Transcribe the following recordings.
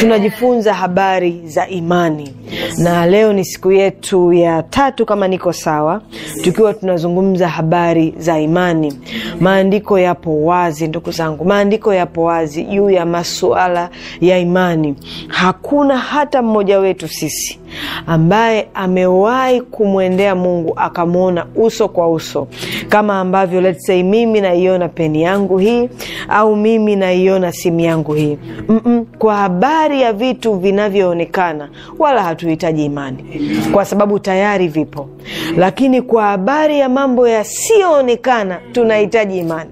tunajifunza habari za imani Na leo ni siku yetu ya tatu kama niko sawa, tukiwa tunazungumza habari za imani. Maandiko yapo wazi, ndugu zangu, maandiko yapo wazi juu ya masuala ya imani. Hakuna hata mmoja wetu sisi ambaye amewahi kumwendea Mungu akamwona uso kwa uso, kama ambavyo let's say mimi naiona peni yangu hii au mimi naiona simu yangu hii Mm-mm. Kwa habari ya vitu vinavyoonekana, wala hatuhitaji imani, kwa sababu tayari vipo, lakini kwa habari ya mambo yasiyoonekana tunahitaji imani.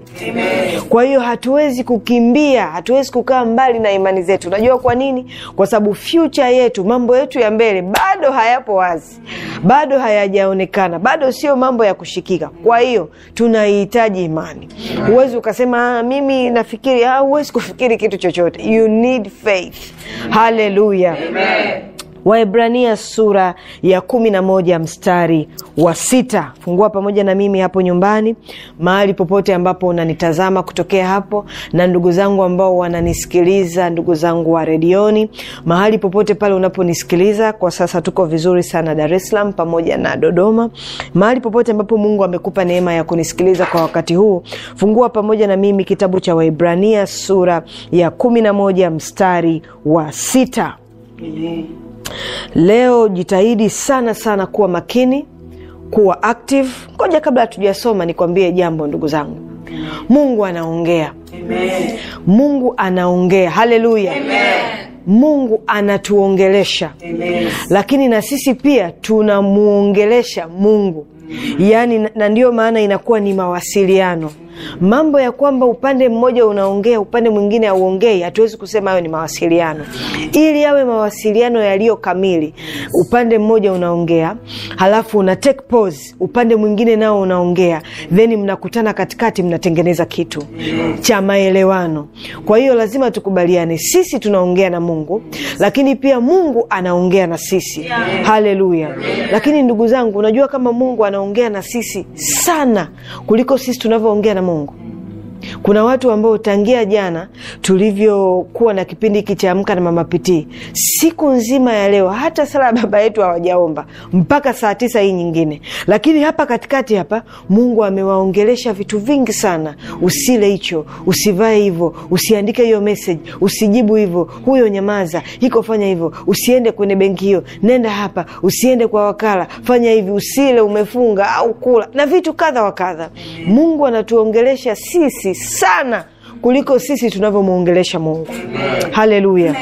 Kwa hiyo hatuwezi kukimbia, hatuwezi kukaa mbali na imani zetu. Unajua kwa nini? Kwa sababu future yetu, mambo yetu ya mbele bado hayapo wazi, bado hayajaonekana, bado sio mambo ya kushikika. Kwa hiyo tunahitaji imani. Huwezi ukasema ah, mimi nafikiri, ah, huwezi kufikiri kitu chochote. You need faith. Haleluya. Waebrania sura ya kumi na moja mstari wa sita. Fungua pamoja na mimi hapo nyumbani, mahali popote ambapo unanitazama kutokea hapo, na ndugu zangu ambao wananisikiliza, ndugu zangu wa redioni, mahali popote pale unaponisikiliza kwa sasa. Tuko vizuri sana Dar es Salaam pamoja na Dodoma. Mahali popote ambapo Mungu amekupa neema ya kunisikiliza kwa wakati huu, fungua pamoja na mimi kitabu cha Waebrania sura ya kumi na moja mstari wa sita. mm-hmm. Leo jitahidi sana sana kuwa makini, kuwa active. Ngoja kabla hatujasoma nikwambie jambo, ndugu zangu, Mungu anaongea Amen. Mungu anaongea, haleluya. Mungu anatuongelesha Amen. Lakini na sisi pia tunamuongelesha Mungu yaani, na ndio maana inakuwa ni mawasiliano. Mambo ya kwamba upande mmoja unaongea upande mwingine hauongei, hatuwezi kusema hayo ni mawasiliano. Ili yawe mawasiliano yaliyo kamili, upande mmoja unaongea, halafu una take pause, upande mwingine nao unaongea, then mnakutana katikati, mnatengeneza kitu cha maelewano. Kwa hiyo lazima tukubaliane, sisi tunaongea na Mungu, lakini pia Mungu anaongea na sisi. Haleluya! Lakini ndugu zangu, unajua kama Mungu ana wanaongea na sisi sana kuliko sisi tunavyoongea na Mungu. Kuna watu ambao tangia jana tulivyokuwa na kipindi hiki cha Amka na Mama Pitii, siku nzima ya leo hata sala ya baba yetu hawajaomba mpaka saa tisa hii nyingine, lakini hapa katikati hapa Mungu amewaongelesha vitu vingi sana: usile hicho, usivae hivo usiandike hiyo message, usijibu hivo huyo nyamaza, hiko fanya hivo usiende kwenye benki hiyo, nenda hapa, usiende kwa wakala, fanya hivi, usile, umefunga au kula na vitu kadha wa kadha. Mungu anatuongelesha sisi sisi sana kuliko sisi tunavyomwongelesha Mungu. Haleluya!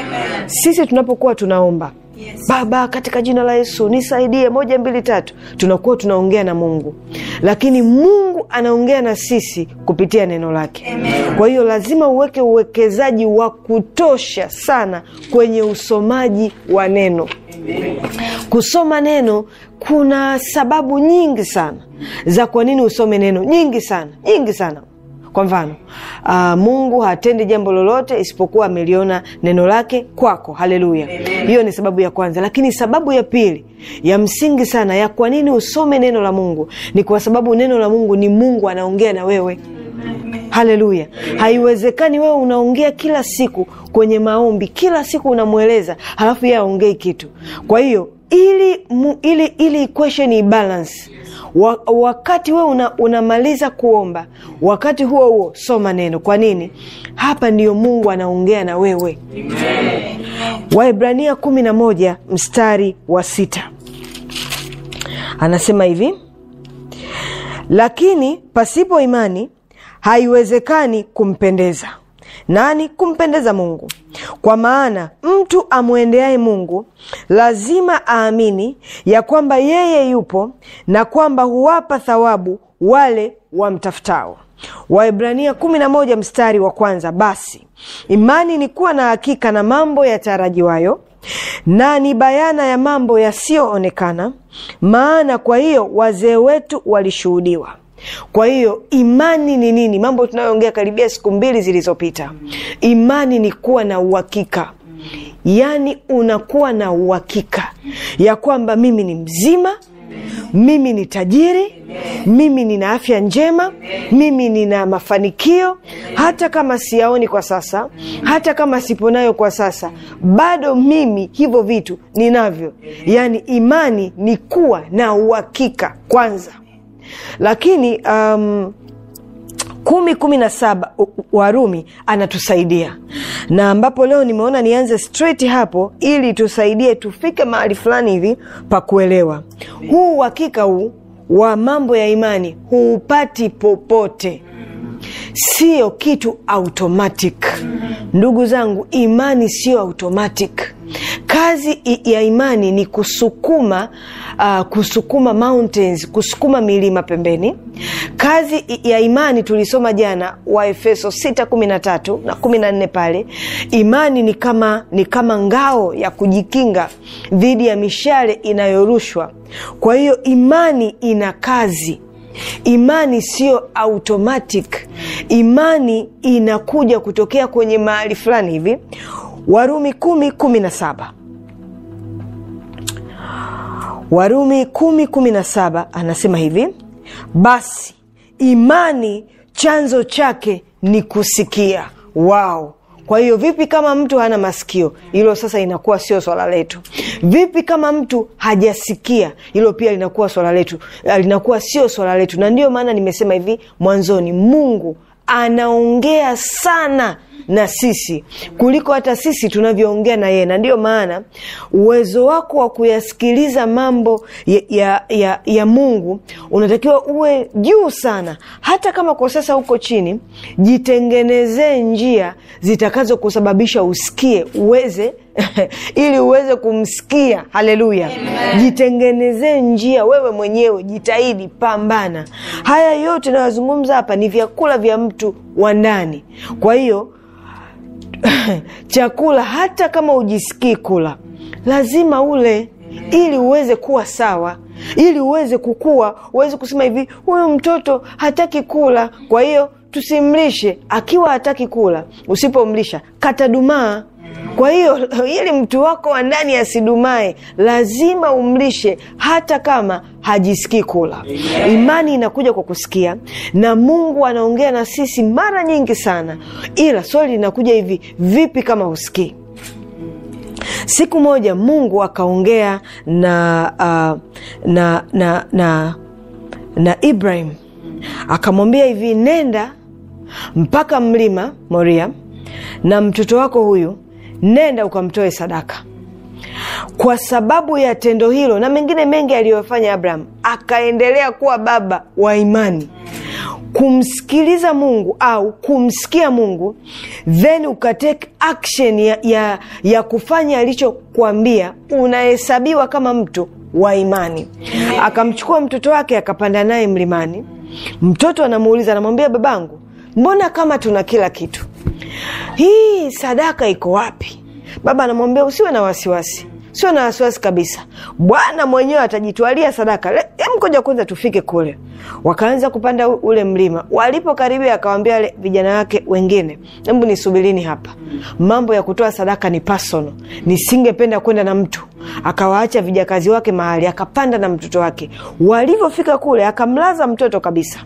Sisi tunapokuwa tunaomba Yes. Baba, katika jina la Yesu nisaidie, moja mbili tatu, tunakuwa tunaongea na Mungu, lakini Mungu anaongea na sisi kupitia neno lake. Amen. Kwa hiyo lazima uweke uwekezaji wa kutosha sana kwenye usomaji wa neno. Amen. Kusoma neno kuna sababu nyingi sana za kwa nini usome neno, nyingi sana, nyingi sana. Kwa mfano uh, Mungu hatendi jambo lolote isipokuwa ameliona neno lake kwako. Haleluya, hiyo ni sababu ya kwanza. Lakini sababu ya pili ya msingi sana ya kwa nini usome neno la Mungu ni kwa sababu neno la Mungu ni Mungu anaongea na wewe. Haleluya! Haiwezekani wewe unaongea kila siku kwenye maombi, kila siku unamweleza, halafu yeye aongei kitu. Kwa hiyo ili, mu, ili, ili equation ibalance wa, wakati we una, unamaliza kuomba, wakati huo huo soma neno. Kwa nini? Hapa ndiyo Mungu anaongea na wewe. Waebrania 11 mstari wa sita anasema hivi, lakini pasipo imani haiwezekani kumpendeza nani kumpendeza mungu kwa maana mtu amwendeaye mungu lazima aamini ya kwamba yeye yupo na kwamba huwapa thawabu wale wamtafutao waibrania 11 mstari wa kwanza basi imani ni kuwa na hakika na mambo yatarajiwayo na ni bayana ya mambo yasiyoonekana maana kwa hiyo wazee wetu walishuhudiwa kwa hiyo imani ni nini mambo tunayoongea karibia siku mbili zilizopita imani ni kuwa na uhakika yaani unakuwa na uhakika ya kwamba mimi ni mzima mimi ni tajiri mimi nina afya njema mimi nina mafanikio hata kama siyaoni kwa sasa hata kama siponayo kwa sasa bado mimi hivyo vitu ninavyo yaani imani ni kuwa na uhakika kwanza lakini um, kumi kumi na saba Warumi anatusaidia na ambapo leo nimeona nianze straight hapo ili tusaidie tufike mahali fulani hivi pa kuelewa huu uhakika huu wa mambo ya imani huupati popote siyo kitu automatic ndugu zangu imani siyo automatic kazi ya imani ni kusukuma uh, kusukuma mountains kusukuma milima pembeni kazi ya imani tulisoma jana waefeso 613 na 14 pale imani ni kama ni kama ngao ya kujikinga dhidi ya mishale inayorushwa kwa hiyo imani ina kazi Imani siyo automatic, imani inakuja kutokea kwenye mahali fulani hivi. Warumi kumi kumi na saba Warumi kumi kumi na saba anasema hivi, basi imani chanzo chake ni kusikia. Wao kwa hiyo vipi kama mtu hana masikio? Hilo sasa inakuwa sio swala letu. Vipi kama mtu hajasikia? Hilo pia linakuwa swala letu, eh, linakuwa sio swala letu. Na ndiyo maana nimesema hivi mwanzoni, Mungu anaongea sana na sisi kuliko hata sisi tunavyoongea na yeye, na ndiyo maana uwezo wako wa kuyasikiliza mambo ya, ya, ya, ya Mungu unatakiwa uwe juu sana. Hata kama kwa sasa uko chini, jitengenezee njia zitakazokusababisha usikie uweze ili uweze kumsikia. Haleluya! Jitengenezee njia wewe mwenyewe, jitahidi, pambana. Haya yote nayozungumza hapa ni vyakula vya mtu wa ndani. Kwa hiyo chakula hata kama ujisikii kula lazima ule ili uweze kuwa sawa ili uweze kukua uweze kusema hivi huyu mtoto hataki kula kwa hiyo tusimlishe akiwa hataki kula usipomlisha katadumaa kwa hiyo ili mtu wako wa ndani asidumae, lazima umlishe hata kama hajisikii kula. Yeah. Imani inakuja kwa kusikia, na Mungu anaongea na sisi mara nyingi sana, ila swali linakuja hivi, vipi kama husikii? Siku moja Mungu akaongea na, uh, na, na, na, na Ibrahim akamwambia hivi, nenda mpaka mlima Moria na mtoto wako huyu nenda ukamtoe sadaka kwa sababu ya tendo hilo na mengine mengi aliyofanya Abraham, akaendelea kuwa baba wa imani. Kumsikiliza Mungu au kumsikia Mungu, then ukatake action ya, ya, ya kufanya alichokuambia, unahesabiwa kama mtu wa imani. Akamchukua mtoto wake akapanda naye mlimani. Mtoto anamuuliza, anamwambia, babangu, mbona kama tuna kila kitu hii sadaka iko wapi? Baba anamwambia usiwe na wasiwasi, sio na wasiwasi kabisa, Bwana mwenyewe atajitwalia sadaka. Hem, kwanza tufike kule. Wakaanza kupanda ule mlima, walipokaribia akawambia wale vijana wake wengine, hebu nisubirini hapa, mambo ya kutoa sadaka ni pasono nisingependa kwenda na mtu. Akawaacha vijakazi wake mahali, akapanda na mtoto wake. Walivyofika kule, akamlaza mtoto kabisa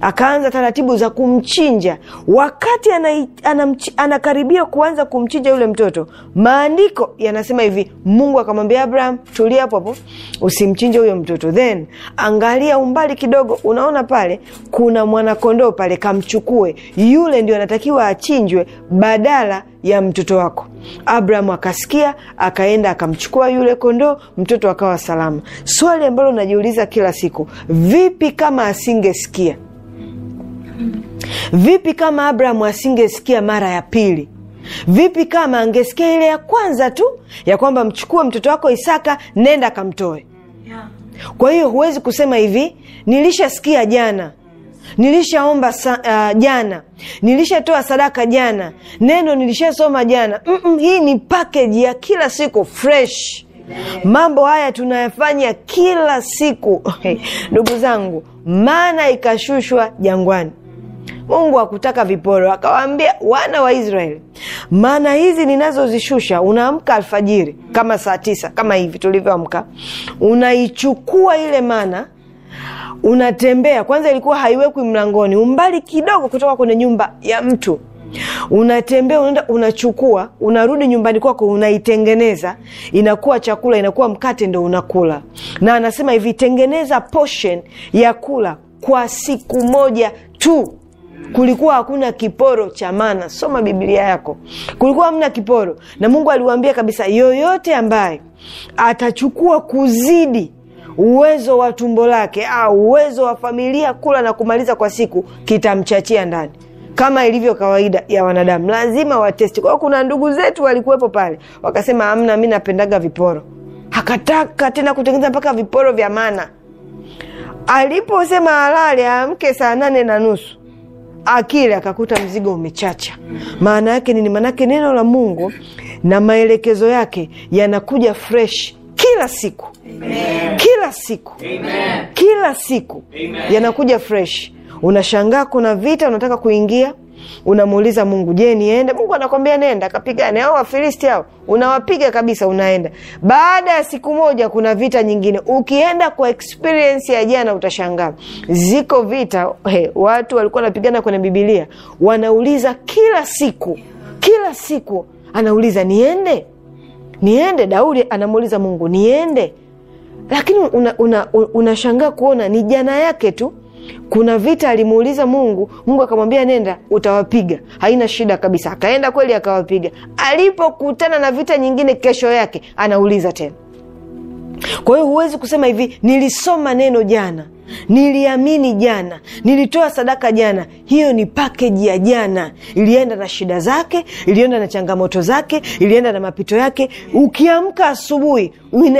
akaanza taratibu za kumchinja wakati ana, ana, anakaribia kuanza kumchinja yule mtoto maandiko yanasema hivi mungu akamwambia abraham tulia hapo hapo usimchinje huyo mtoto then angalia umbali kidogo unaona pale kuna mwanakondoo pale kamchukue yule ndio anatakiwa achinjwe badala ya mtoto wako. Abrahamu akasikia, akaenda akamchukua yule kondoo, mtoto akawa salama. Swali ambalo najiuliza kila siku, vipi kama asingesikia? Vipi kama Abrahamu asingesikia mara ya pili? Vipi kama angesikia ile ya kwanza tu ya kwamba mchukue mtoto wako Isaka, nenda kamtoe? Kwa hiyo huwezi kusema hivi, nilishasikia jana nilishaomba uh, jana nilishatoa sadaka jana, neno nilishasoma jana. mm -mm, hii ni pakeji ya kila siku fresh. Mambo haya tunayafanya kila siku ndugu zangu, mana ikashushwa jangwani. Mungu akutaka viporo, akawaambia wana wa Israeli, maana hizi ninazozishusha, unaamka alfajiri kama saa tisa kama hivi tulivyoamka, unaichukua ile mana unatembea kwanza, ilikuwa haiwekwi mlangoni, umbali kidogo kutoka kwenye nyumba ya mtu unatembea unaenda, unachukua, unarudi nyumbani kwako, unaitengeneza, inakuwa chakula, inakuwa mkate, ndo unakula. Na anasema hivi, tengeneza portion ya kula kwa siku moja tu. Kulikuwa hakuna kiporo cha mana. Soma Biblia yako, kulikuwa hamna kiporo, na Mungu aliwambia kabisa, yoyote ambaye atachukua kuzidi uwezo wa tumbo lake au uwezo wa familia kula na kumaliza kwa siku kitamchachia ndani kama ilivyo kawaida ya wanadamu lazima watesti. Kwa kuna ndugu zetu walikuwepo pale, wakasema amna mi napendaga viporo. Akataka tena kutengeneza mpaka viporo vya mana. Aliposema halali amke saa nane na nusu akili akakuta mzigo umechacha. Maana yake nini? Maanake neno la Mungu na maelekezo yake yanakuja fresh kila siku Amen. kila siku Amen. kila siku yanakuja fresh. Unashangaa kuna vita unataka kuingia, unamuuliza Mungu, je, niende? Mungu anakwambia nenda, kapigane au Wafilisti hao, unawapiga kabisa, unaenda. Baada ya siku moja, kuna vita nyingine. Ukienda kwa experience ya jana, utashangaa ziko vita he, watu walikuwa wanapigana kwenye Bibilia, wanauliza kila siku, kila siku anauliza niende niende daudi anamuuliza mungu niende lakini unashangaa una, una, una kuona ni jana yake tu kuna vita alimuuliza mungu mungu akamwambia nenda utawapiga haina shida kabisa akaenda kweli akawapiga alipokutana na vita nyingine kesho yake anauliza tena kwa hiyo huwezi kusema hivi nilisoma neno jana niliamini jana, nilitoa sadaka jana. Hiyo ni pakeji ya jana, ilienda na shida zake, ilienda na changamoto zake, ilienda na mapito yake. Ukiamka asubuhi,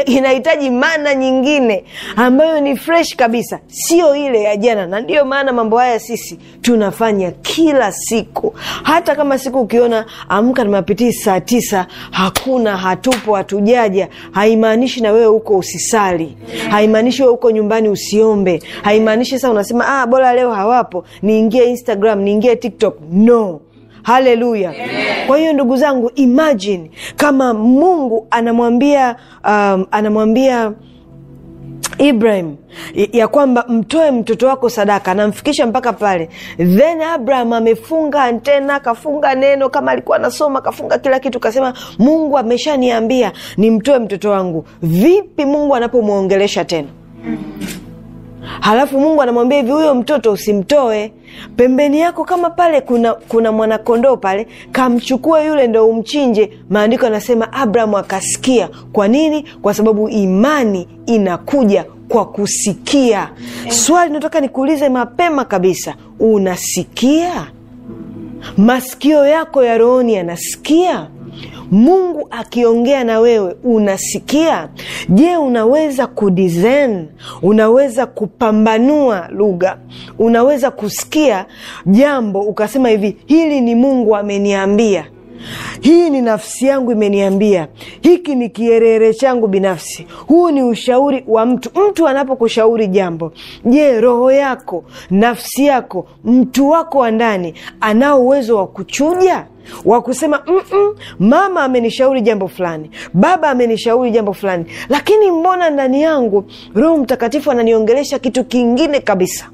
inahitaji mana nyingine ambayo ni fresh kabisa, sio ile ya jana. Na ndiyo maana mambo haya sisi tunafanya kila siku, hata kama siku ukiona amka na mapitii saa tisa, hakuna hatupo, hatujaja, haimaanishi na wewe huko usisali, haimaanishi wewe huko nyumbani usiombe Haimaanishi sasa unasema ah, bora leo hawapo, niingie Instagram, niingie TikTok. No, haleluya! Kwa hiyo ndugu zangu, imagine kama Mungu anamwambia um, anamwambia Ibrahim ya kwamba mtoe mtoto wako sadaka, anamfikisha mpaka pale, then Abraham amefunga antena, akafunga neno, kama alikuwa anasoma akafunga kila kitu, kasema Mungu ameshaniambia nimtoe mtoto wangu. Vipi Mungu anapomwongelesha tena? Mm. Halafu Mungu anamwambia hivi, huyo mtoto usimtoe pembeni yako. Kama pale kuna, kuna mwanakondoo pale, kamchukue yule ndo umchinje. Maandiko anasema Abrahamu akasikia. Kwa nini? Kwa sababu imani inakuja kwa kusikia. Eh. Swali nataka nikuulize mapema kabisa, unasikia? Masikio yako ya rohoni yanasikia? Mungu akiongea na wewe unasikia? Je, unaweza kudesign? Unaweza kupambanua lugha? Unaweza kusikia jambo ukasema hivi, hili ni Mungu ameniambia hii ni nafsi yangu imeniambia, hiki ni kierere changu binafsi, huu ni ushauri wa mtu. Mtu anapokushauri jambo, je, roho yako, nafsi yako, mtu wako wa ndani anao uwezo wa kuchuja wa kusema mm -mm, mama amenishauri jambo fulani, baba amenishauri jambo fulani, lakini mbona ndani yangu Roho Mtakatifu ananiongelesha kitu kingine kabisa?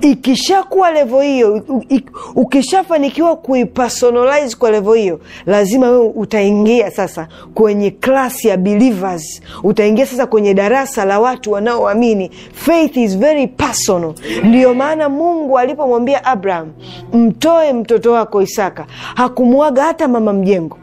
ikishakuwa levo hiyo, ukishafanikiwa kuipersonalize kwa levo hiyo, lazima wewe utaingia sasa kwenye klasi ya believers, utaingia sasa kwenye darasa la watu wanaoamini. Faith is very personal. Ndiyo maana Mungu alipomwambia Abraham, mtoe mtoto wako Isaka, hakumwaga hata mama mjengo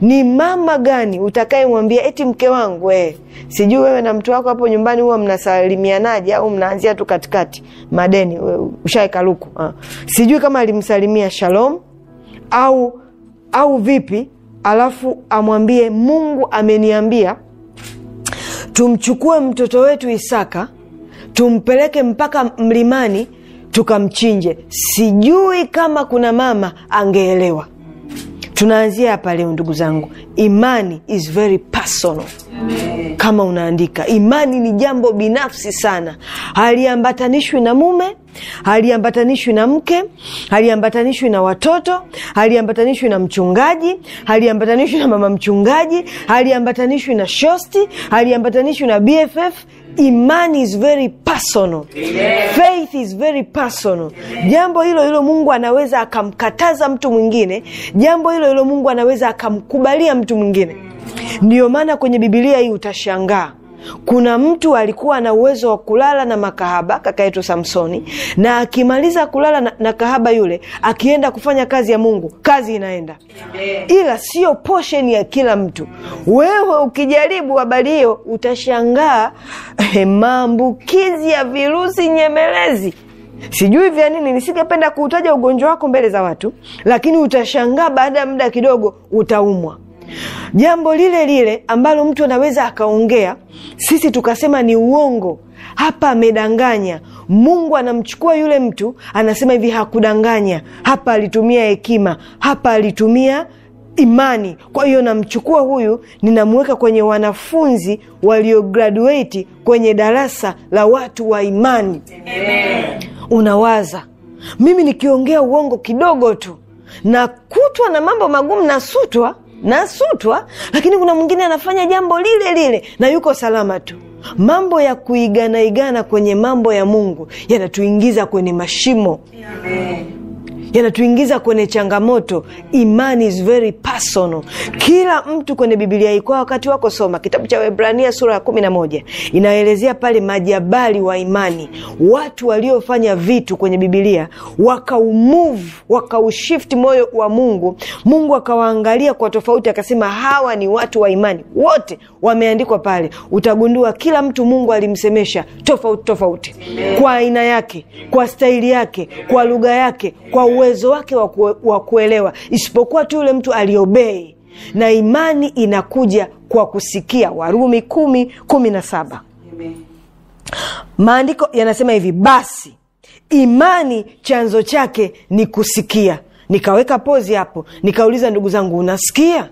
ni mama gani utakayemwambia eti mke wangu we, eh? sijui wewe na mtu wako hapo nyumbani huwa mnasalimianaje au mnaanzia tu katikati madeni, ushaekaluku ah. Sijui kama alimsalimia shalom au au vipi, alafu amwambie Mungu ameniambia tumchukue mtoto wetu Isaka tumpeleke mpaka mlimani tukamchinje. Sijui kama kuna mama angeelewa tunaanzia hapa leo ndugu zangu imani is very personal Amen. kama unaandika imani ni jambo binafsi sana haliambatanishwi na mume haliambatanishwi na mke haliambatanishwi na watoto haliambatanishwi na mchungaji haliambatanishwi na mama mchungaji haliambatanishwi na shosti haliambatanishwi na bff Imani is very personal. Amen. Faith is very personal. Amen. Jambo hilo hilo Mungu anaweza akamkataza mtu mwingine, jambo hilo hilo Mungu anaweza akamkubalia mtu mwingine. Ndiyo maana kwenye Bibilia hii utashangaa kuna mtu alikuwa na uwezo wa kulala na makahaba, kaka yetu Samsoni, na akimaliza kulala na, na kahaba yule, akienda kufanya kazi ya Mungu, kazi inaenda, ila sio posheni ya kila mtu. Wewe ukijaribu habari hiyo utashangaa eh, maambukizi ya virusi nyemelezi sijui vya nini, nisingependa kuutaja ugonjwa wako mbele za watu, lakini utashangaa baada ya muda kidogo utaumwa Jambo lile lile ambalo mtu anaweza akaongea sisi tukasema ni uongo, hapa amedanganya. Mungu anamchukua yule mtu, anasema hivi, hakudanganya, hapa alitumia hekima, hapa alitumia imani. Kwa hiyo namchukua huyu, ninamuweka kwenye wanafunzi waliograduate kwenye darasa la watu wa imani. Amen. Unawaza, mimi nikiongea uongo kidogo tu nakutwa na mambo magumu, nasutwa nasutwa, ah, lakini kuna mwingine anafanya jambo lile lile na yuko salama tu. Mambo ya kuiganaigana kwenye mambo ya Mungu yanatuingiza kwenye mashimo. Amen yanatuingiza kwenye changamoto. Imani is very personal. Kila mtu kwenye bibilia hii, wakati wako soma kitabu cha Waebrania sura ya kumi na moja inaelezea pale majabali wa imani, watu waliofanya vitu kwenye bibilia wakaumuvu, wakaushift moyo wa Mungu. Mungu akawaangalia kwa tofauti, akasema hawa ni watu wa imani. Wote wameandikwa pale, utagundua kila mtu Mungu alimsemesha tofauti tofauti, kwa aina yake, kwa staili yake, kwa lugha yake, kwa uwezo wake wa kuelewa, isipokuwa tu yule mtu aliobei, na imani inakuja kwa kusikia. Warumi kumi kumi na saba maandiko yanasema hivi, basi imani chanzo chake ni kusikia. Nikaweka pozi hapo, nikauliza ndugu zangu, unasikia?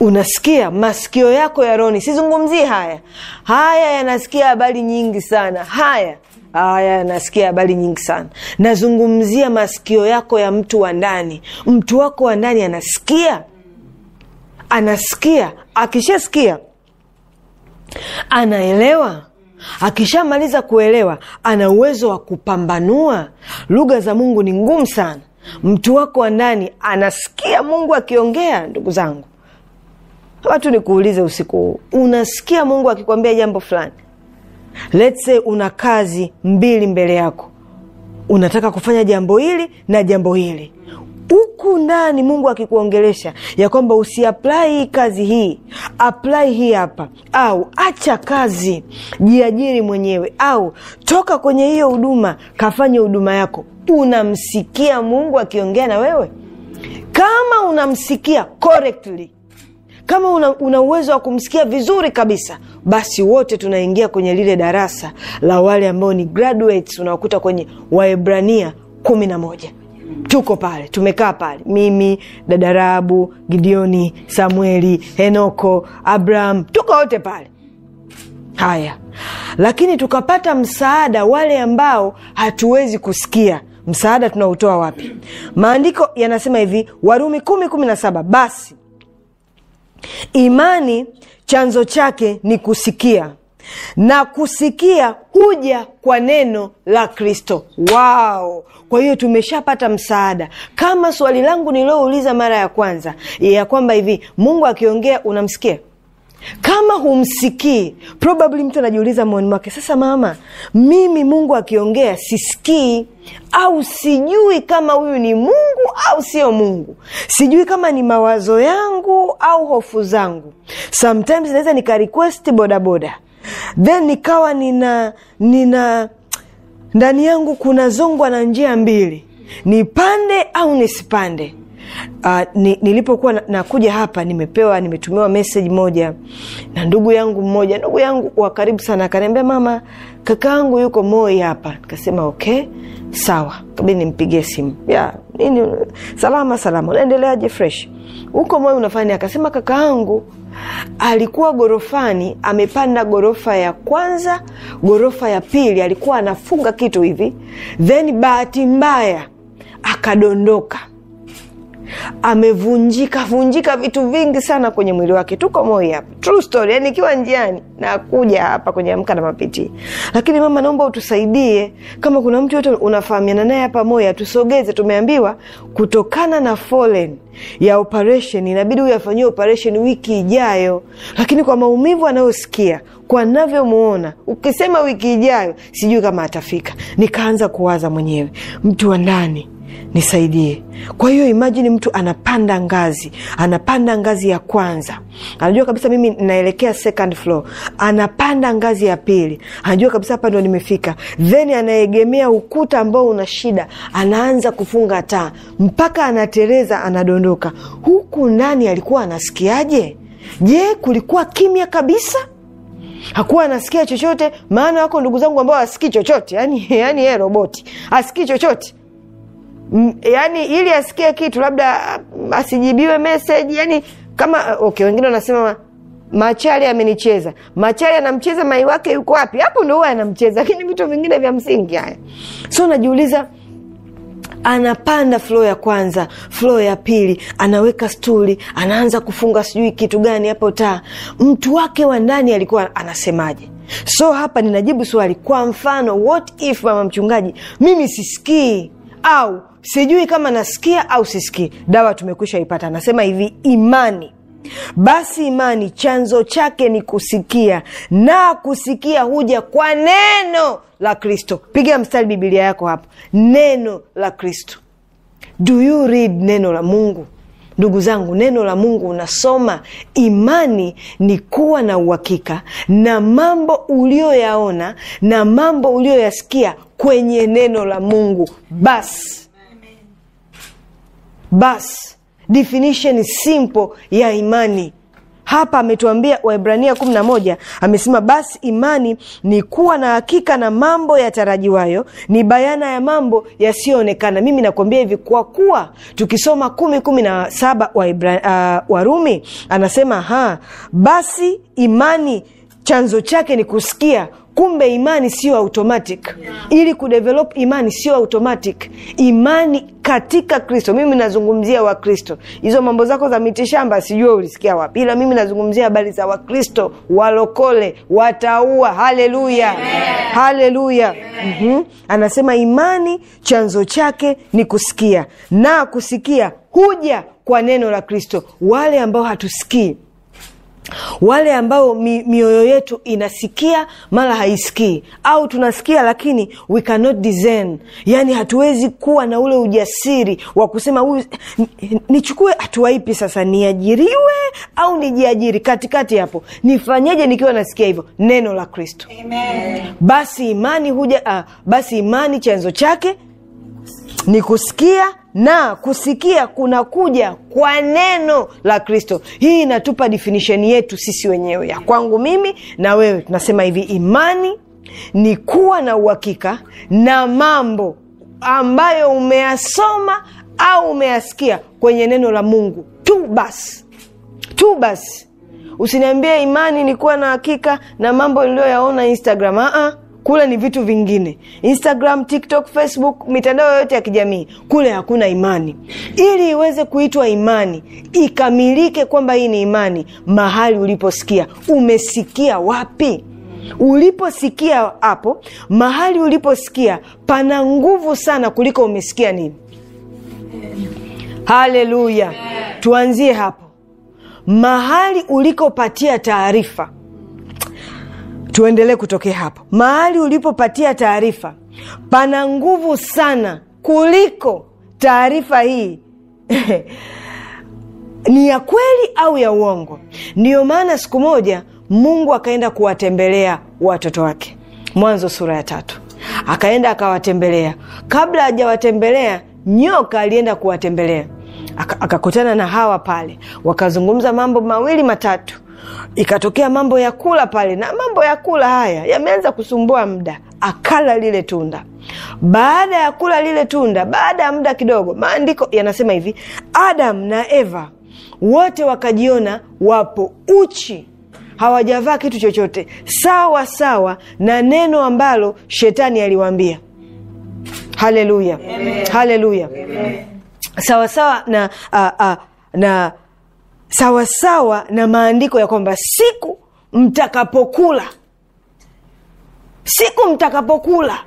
Unasikia? masikio yako ya roni sizungumzie haya haya, yanasikia habari nyingi sana haya Haya, nasikia habari nyingi sana. Nazungumzia masikio yako ya mtu wa ndani. Mtu wako wa ndani anasikia, anasikia. Akishasikia anaelewa akishamaliza kuelewa, ana uwezo wa kupambanua. Lugha za Mungu ni ngumu sana. Mtu wako wa ndani anasikia Mungu akiongea. Ndugu zangu, watu nikuulize usiku huu, unasikia Mungu akikwambia jambo fulani? let's say una kazi mbili mbele yako unataka kufanya jambo hili na jambo hili huku ndani mungu akikuongelesha ya kwamba usiaplai hii kazi hii aplai hii hapa au acha kazi jiajiri mwenyewe au toka kwenye hiyo huduma kafanye huduma yako unamsikia mungu akiongea na wewe kama unamsikia correctly kama una, una uwezo wa kumsikia vizuri kabisa, basi wote tunaingia kwenye lile darasa la wale ambao ni graduates unaokuta kwenye Waebrania kumi na moja tuko pale, tumekaa pale, mimi dada Gideoni, Samueli, Henoko, Abraham, tuko wote pale. Haya, lakini tukapata msaada wale ambao hatuwezi kusikia. Msaada tunautoa wapi? Maandiko yanasema hivi, Warumi kumi kumi na saba basi imani chanzo chake ni kusikia na kusikia huja kwa neno la kristo wao kwa hiyo tumeshapata msaada kama swali langu nililouliza mara ya kwanza ya kwamba hivi mungu akiongea unamsikia kama humsikii probably mtu anajiuliza moyoni mwake sasa mama mimi mungu akiongea sisikii au sijui kama huyu ni mungu au sio mungu sijui kama ni mawazo yangu au hofu zangu sometimes naweza nika request bodaboda then nikawa nina nina ndani yangu kuna zongwa na njia mbili nipande au nisipande uh, ni, nilipokuwa nakuja na hapa nimepewa nimetumiwa meseji moja na ndugu yangu mmoja ndugu yangu wa karibu sana akaniambia mama kakaangu yuko Moi hapa nikasema okay sawa kabidi nimpigie simu ya nini salama salama unaendeleaje fresh huko Moi unafanya akasema kakaangu alikuwa gorofani amepanda gorofa ya kwanza gorofa ya pili alikuwa anafunga kitu hivi then bahati mbaya akadondoka amevunjika vunjika vitu vingi sana kwenye mwili wake tuko moi hapa true story yani ikiwa njiani nakuja hapa kwenye amka na mapitii lakini mama naomba utusaidie kama kuna mtu yote unafahamiana naye hapa moya tusogeze tumeambiwa kutokana na fallen ya operation inabidi huyu afanyiwe operation wiki ijayo lakini kwa maumivu anayosikia kwa navyomuona ukisema wiki ijayo sijui kama atafika nikaanza kuwaza mwenyewe mtu wa ndani nisaidie. Kwa hiyo imajini, mtu anapanda ngazi, anapanda ngazi ya kwanza, anajua kabisa mimi naelekea second flo anapanda ngazi ya pili, anajua kabisa hapa ndo nimefika, then anaegemea ukuta ambao una shida, anaanza kufunga taa mpaka anatereza anadondoka. Huku ndani alikuwa anasikiaje? Je, kulikuwa kimya kabisa? hakuwa anasikia chochote. Maana wako ndugu zangu ambao asikii chochote, yani yani ye roboti asikii chochote yani ili asikie kitu labda uh, asijibiwe meseji yani kama uh, okay, wengine wanasema Machari amenicheza. Machari anamcheza mai wake yuko wapi? Hapo ndo huwa anamcheza, lakini vitu vingine vya msingi haya. So najiuliza anapanda flo ya kwanza, flo ya pili, anaweka stuli anaanza kufunga sijui kitu gani hapo taa. Mtu wake wa ndani alikuwa anasemaje? So hapa ninajibu swali, kwa mfano, what if mama mchungaji, mimi sisikii au sijui kama nasikia au sisikii dawa tumekwisha ipata anasema hivi imani basi imani chanzo chake ni kusikia na kusikia huja kwa neno la kristo piga mstari bibilia yako hapo neno la kristo do you read neno la mungu ndugu zangu neno la mungu unasoma imani ni kuwa na uhakika na mambo ulioyaona na mambo ulioyasikia kwenye neno la mungu basi basi definition simple ya imani hapa ametuambia Waibrania 11 amesema, basi imani ni kuwa na hakika na mambo yatarajiwayo, ni bayana ya mambo yasiyoonekana. Mimi nakwambia hivi, kwa kuwa tukisoma 117 wa uh, Warumi anasema ha, basi imani chanzo chake ni kusikia kumbe imani sio automatic ili kudevelop imani sio automatic imani katika kristo mimi nazungumzia wakristo hizo mambo zako za mitishamba sijua ulisikia wapi ila mimi nazungumzia habari za wakristo walokole wataua haleluya haleluya mm-hmm. anasema imani chanzo chake ni kusikia na kusikia huja kwa neno la kristo wale ambao hatusikii wale ambao mi, mioyo yetu inasikia mara haisikii au tunasikia lakini we cannot design. yani hatuwezi kuwa na ule ujasiri wa kusema huyu nichukue hatua ipi sasa niajiriwe au nijiajiri katikati hapo nifanyeje nikiwa nasikia hivyo neno la kristo basi imani huja uh, basi imani chanzo chake ni kusikia na kusikia kuna kuja kwa neno la kristo hii inatupa definisheni yetu sisi wenyewe ya kwangu mimi na wewe tunasema hivi imani ni kuwa na uhakika na mambo ambayo umeyasoma au umeyasikia kwenye neno la mungu tu basi tu basi usiniambie imani ni kuwa na hakika na mambo niliyoyaona instagram uh-uh kule ni vitu vingine. Instagram, TikTok, Facebook, mitandao yoyote ya kijamii, kule hakuna imani. Ili iweze kuitwa imani, ikamilike kwamba hii ni imani, mahali uliposikia. Umesikia wapi? Uliposikia hapo, mahali uliposikia pana nguvu sana kuliko umesikia nini. Haleluya! Tuanzie hapo, mahali ulikopatia taarifa tuendelee kutokea hapo. Mahali ulipopatia taarifa pana nguvu sana kuliko taarifa hii ni ya kweli au ya uongo. Ndiyo maana siku moja Mungu akaenda kuwatembelea watoto wake, Mwanzo sura ya tatu. Akaenda akawatembelea. Kabla hajawatembelea nyoka alienda kuwatembelea, akakutana na Hawa pale, wakazungumza mambo mawili matatu ikatokea mambo ya kula pale, na mambo ya kula haya yameanza kusumbua muda. Akala lile tunda. Baada ya kula lile tunda, baada ya muda kidogo, maandiko yanasema hivi, Adam na Eva wote wakajiona wapo uchi hawajavaa kitu chochote, sawa sawa na neno ambalo shetani aliwaambia. Haleluya, haleluya, sawa sawa na, uh, uh, na sawasawa na maandiko ya kwamba siku mtakapokula siku mtakapokula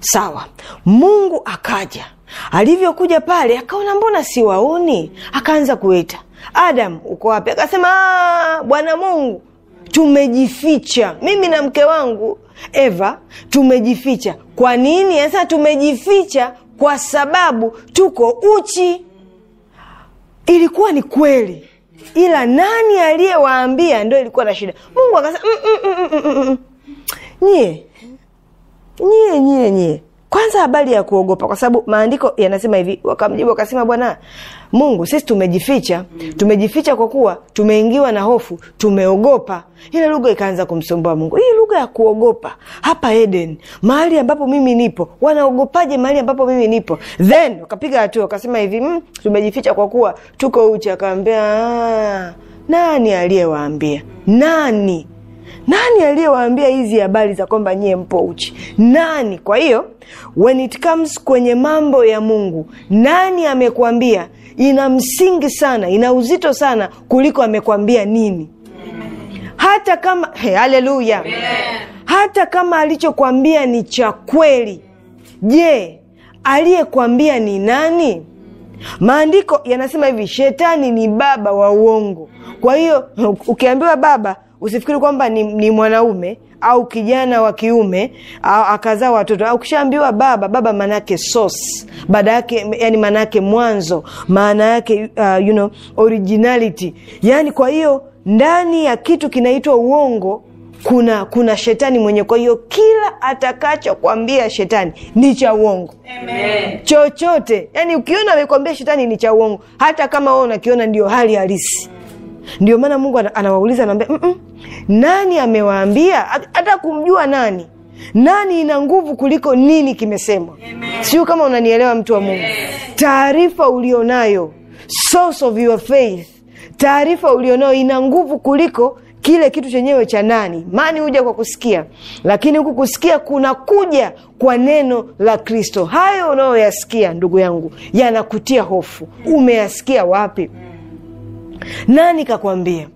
sawa mungu akaja alivyokuja pale akaona mbona siwaoni akaanza kuita adam uko wapi akasema ah, bwana mungu tumejificha mimi na mke wangu eva tumejificha kwa nini anasema tumejificha kwa sababu tuko uchi ilikuwa ni kweli ila nani aliyewaambia ndo ilikuwa na shida mungu akasema mm, mm, mm, nyie nyie nyie nyie kwanza habari ya kuogopa kwa sababu maandiko yanasema hivi wakamjibu wakasema bwana mungu sisi tumejificha tumejificha kwa kuwa tumeingiwa na hofu tumeogopa ile lugha ikaanza kumsumbua mungu hii lugha ya kuogopa hapa eden mahali ambapo mimi nipo wanaogopaje mahali ambapo mimi nipo then wakapiga hatua wakasema hivi mm, tumejificha kwa kuwa tuko uchi akawambia ah, nani aliyewaambia nani nani aliyewaambia hizi habari za kwamba nyie mpo uchi? Nani? Kwa hiyo when it comes kwenye mambo ya Mungu, nani amekwambia? Ina msingi sana, ina uzito sana kuliko amekwambia nini. Hata kama hey, haleluya, hata kama alichokwambia ni cha kweli, je, aliyekwambia ni nani? Maandiko yanasema hivi, shetani ni baba wa uongo. Kwa hiyo ukiambiwa baba usifikiri kwamba ni, ni mwanaume au kijana wa kiume akazaa watoto au kishaambiwa baba baba, maana yake baada yake yani, maana yake mwanzo, maana yake uh, you know, originality yani. Kwa hiyo ndani ya kitu kinaitwa uongo kuna kuna shetani mwenye. Kwa hiyo kila atakachokwambia shetani ni cha uongo Amen. Chochote yani, ukiona amekwambia shetani ni cha uongo, hata kama wao unakiona ndio hali halisi ndio maana mungu anawauliza anawambia mm -mm. nani amewaambia hata kumjua nani nani ina nguvu kuliko nini kimesemwa sio kama unanielewa mtu wa mungu taarifa ulionayo source of your faith taarifa ulionayo ina nguvu kuliko kile kitu chenyewe cha nani mani huja kwa kusikia lakini huku kusikia kuna kuja kwa neno la kristo hayo unayoyasikia ndugu yangu yanakutia hofu umeyasikia wapi mm nani kakwambia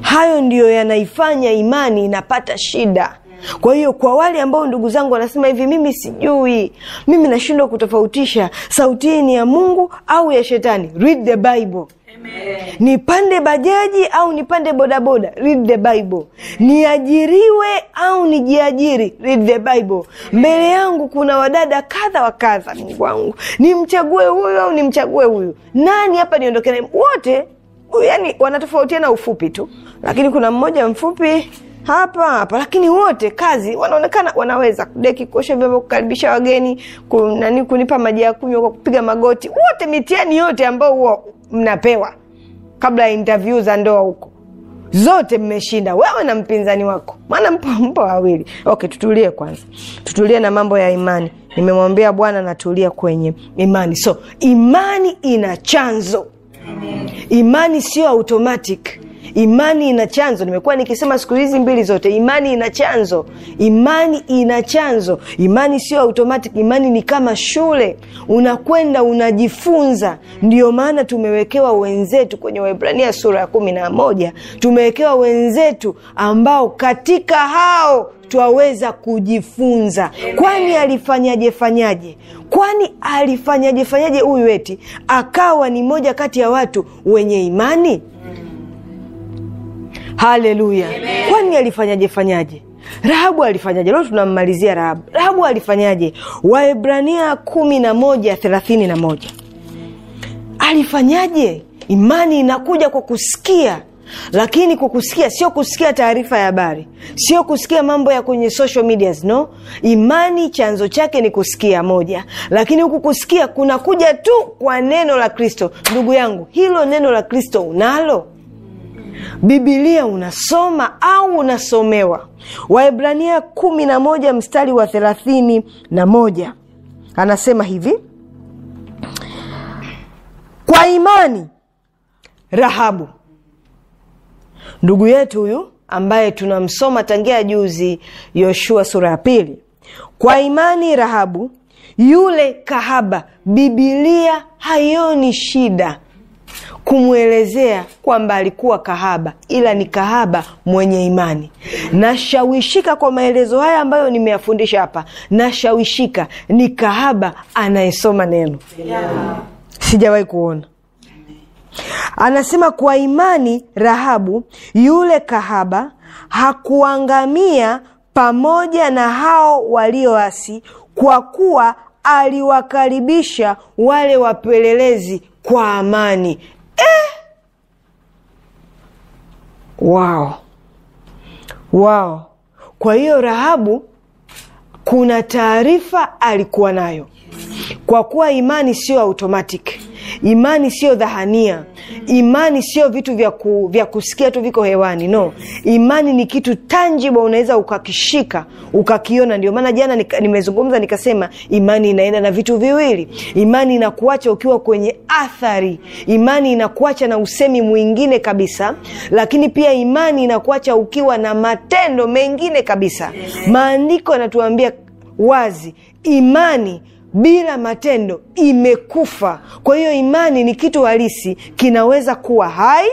hayo ndiyo yanaifanya imani inapata shida kwa hiyo kwa wale ambao ndugu zangu wanasema hivi mimi sijui mimi nashindwa kutofautisha sauti hii ni ya mungu au ya shetani read the bible nipande bajaji au nipande bodaboda? Read the Bible. Niajiriwe au nijiajiri? Read the Bible. Mbele yangu kuna wadada kadha wa kadha, Mungu wangu, nimchague huyu au nimchague huyu? Nani hapa niondoke naye? Wote yani wanatofautiana ufupi tu, lakini kuna mmoja mfupi hapa hapa, lakini wote kazi wanaonekana wanaweza kudeki, kuosha vyombo, kukaribisha wageni, kunani, kunipa maji ya kunywa, kwa kupiga magoti, wote mitiani yote ambao mnapewa kabla ya interview za ndoa huko zote mmeshinda, wewe na mpinzani wako, maana mpo mpo wawili. Okay, tutulie kwanza, tutulie na mambo ya imani. Nimemwambia Bwana natulia kwenye imani. So imani ina chanzo, imani sio automatic. Imani ina chanzo, nimekuwa nikisema siku hizi mbili zote, imani ina chanzo, imani ina chanzo. Imani sio automatic, imani ni kama shule, unakwenda unajifunza. ndio maana tumewekewa wenzetu kwenye waibrania sura ya kumi na moja tumewekewa wenzetu ambao katika hao twaweza kujifunza. Kwani alifanyaje fanyaje? Kwani alifanyaje fanyaje huyu weti akawa ni moja kati ya watu wenye imani? haleluya kwani alifanyaje fanyaje rahabu alifanyaje leo tunammalizia rahabu rahabu alifanyaje waebrania kumi na moja thelathini na moja alifanyaje imani inakuja kwa kusikia lakini kwa kusikia sio kusikia taarifa ya habari sio kusikia mambo ya kwenye social medias no imani chanzo chake ni kusikia moja lakini huku kusikia kunakuja tu kwa neno la kristo ndugu yangu hilo neno la kristo unalo bibilia unasoma au unasomewa. Waebrania kumi na moja mstari wa thelathini na moja anasema hivi: kwa imani Rahabu ndugu yetu huyu ambaye tunamsoma tangia juzi Yoshua sura ya pili, kwa imani Rahabu yule kahaba, bibilia haioni shida kumwelezea kwamba alikuwa kahaba, ila ni kahaba mwenye imani. Nashawishika kwa maelezo haya ambayo nimeyafundisha hapa, nashawishika ni kahaba anayesoma neno yeah. Sijawahi kuona Anasema kwa imani Rahabu yule kahaba hakuangamia pamoja na hao walioasi, kwa kuwa aliwakaribisha wale wapelelezi kwa amani. Eh! Wow. Wow. Kwa hiyo Rahabu kuna taarifa alikuwa nayo, kwa kuwa imani siyo automatic imani sio dhahania imani sio vitu vya, ku, vya kusikia tu viko hewani no imani ni kitu tangible unaweza ukakishika ukakiona ndio maana jana nimezungumza nikasema imani inaenda na vitu viwili imani inakuacha ukiwa kwenye athari imani inakuacha na usemi mwingine kabisa lakini pia imani inakuacha ukiwa na matendo mengine kabisa maandiko yanatuambia wazi imani bila matendo imekufa. Kwa hiyo imani ni kitu halisi, kinaweza kuwa hai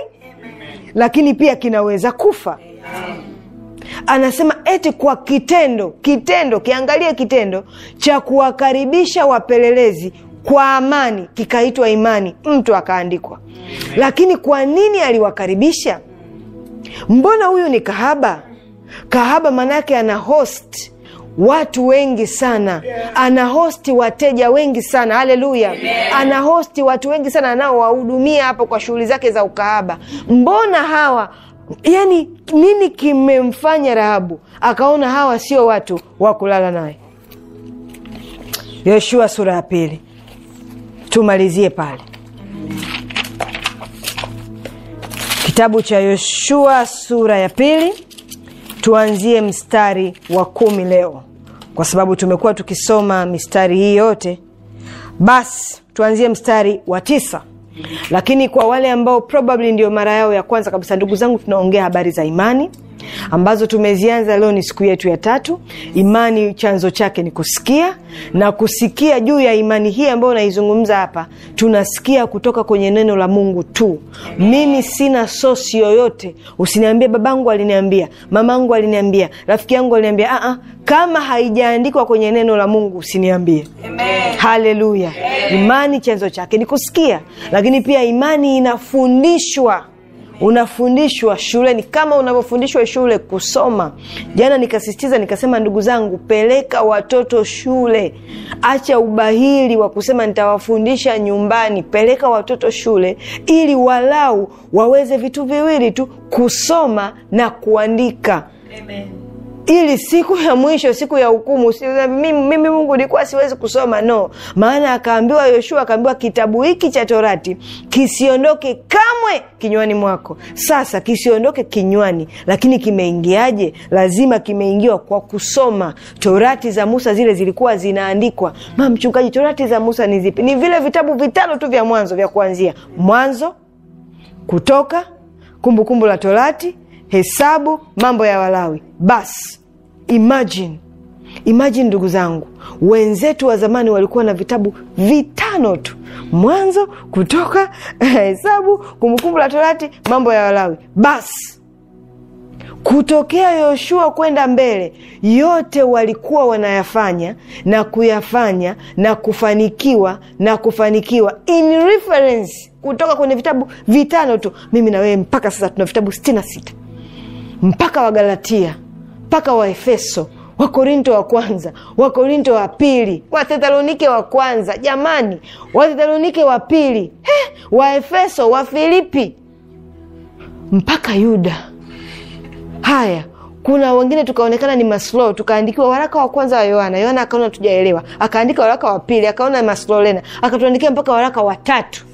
lakini pia kinaweza kufa. Anasema eti kwa kitendo, kitendo kiangalie, kitendo cha kuwakaribisha wapelelezi kwa amani kikaitwa imani, mtu akaandikwa. Lakini kwa nini aliwakaribisha? Mbona huyu ni kahaba? Kahaba yake ana host watu wengi sana ana hosti wateja wengi sana haleluya, ana hosti watu wengi sana anaowahudumia hapo kwa shughuli zake za ukahaba. Mbona hawa yani, nini kimemfanya Rahabu akaona hawa sio watu wa kulala naye? Yoshua sura ya pili, tumalizie pale kitabu cha Yoshua sura ya pili tuanzie mstari wa kumi leo kwa sababu tumekuwa tukisoma mistari hii yote basi tuanzie mstari wa tisa lakini kwa wale ambao probably ndio mara yao ya kwanza kabisa ndugu zangu tunaongea habari za imani ambazo tumezianza leo. Ni siku yetu ya tatu. Imani chanzo chake ni kusikia na kusikia juu ya imani hii ambayo naizungumza hapa, tunasikia kutoka kwenye neno la Mungu tu. Mimi sina sosi yoyote, usiniambie babangu aliniambia, mamangu aliniambia, rafiki yangu aliniambia. A-a ah, ah, kama haijaandikwa kwenye neno la Mungu usiniambie. Haleluya! Imani chanzo chake ni kusikia, lakini pia imani inafundishwa unafundishwa shuleni kama unavyofundishwa shule kusoma. Jana nikasisitiza nikasema, ndugu zangu, peleka watoto shule, acha ubahili wa kusema nitawafundisha nyumbani. Peleka watoto shule ili walau waweze vitu viwili tu, kusoma na kuandika. Amen ili siku ya mwisho, siku ya hukumu, mimi Mungu nilikuwa siwezi kusoma no. Maana akaambiwa Yoshua, akaambiwa kitabu hiki cha Torati kisiondoke kamwe kinywani mwako. Sasa kisiondoke kinywani, lakini kimeingiaje? Lazima kimeingiwa kwa kusoma. Torati za Musa zile zilikuwa zinaandikwa. Ma mchungaji, torati za Musa ni zipi? Ni vile vitabu vitano tu vya mwanzo vya kuanzia Mwanzo, Kutoka, Kumbukumbu la Torati, Hesabu, mambo ya Walawi. Basi imagine, imagine ndugu zangu, wenzetu wa zamani walikuwa na vitabu vitano tu: Mwanzo, Kutoka, Hesabu, Kumbukumbu la Torati, mambo ya Walawi. Basi kutokea Yoshua kwenda mbele, yote walikuwa wanayafanya na kuyafanya na kufanikiwa na kufanikiwa, in reference kutoka kwenye vitabu vitano tu. Mimi na wewe mpaka sasa tuna vitabu sitini sita mpaka Wagalatia mpaka Waefeso, Wakorinto wa kwanza, Wakorinto wa pili, Wathesalonike wa kwanza, jamani, Wathesalonike wa pili, Waefeso, filipi mpaka Yuda. Haya, kuna wengine tukaonekana ni maslo, tukaandikiwa waraka wa kwanza wa Yohana. Yohana akaona tujaelewa, akaandika waraka wa pili, akaona maslo lena, akatuandikia mpaka waraka wa tatu.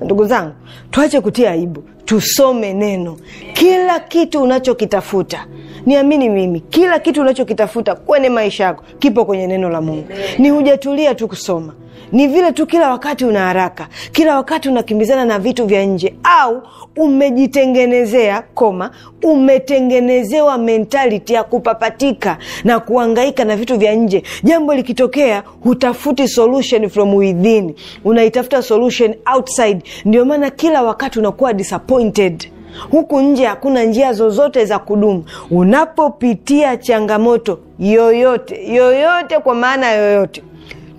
Ndugu zangu, tuache kutia aibu, tusome neno. Kila kitu unachokitafuta niamini mimi, kila kitu unachokitafuta kwenye maisha yako kipo kwenye neno la Mungu. Ni hujatulia tu kusoma ni vile tu kila wakati una haraka, kila wakati unakimbizana na vitu vya nje, au umejitengenezea koma, umetengenezewa mentality ya kupapatika na kuangaika na vitu vya nje. Jambo likitokea, hutafuti solution from within, unaitafuta solution outside. Ndio maana kila wakati unakuwa disappointed huku nje hakuna njia zozote za kudumu. Unapopitia changamoto yoyote yoyote, kwa maana yoyote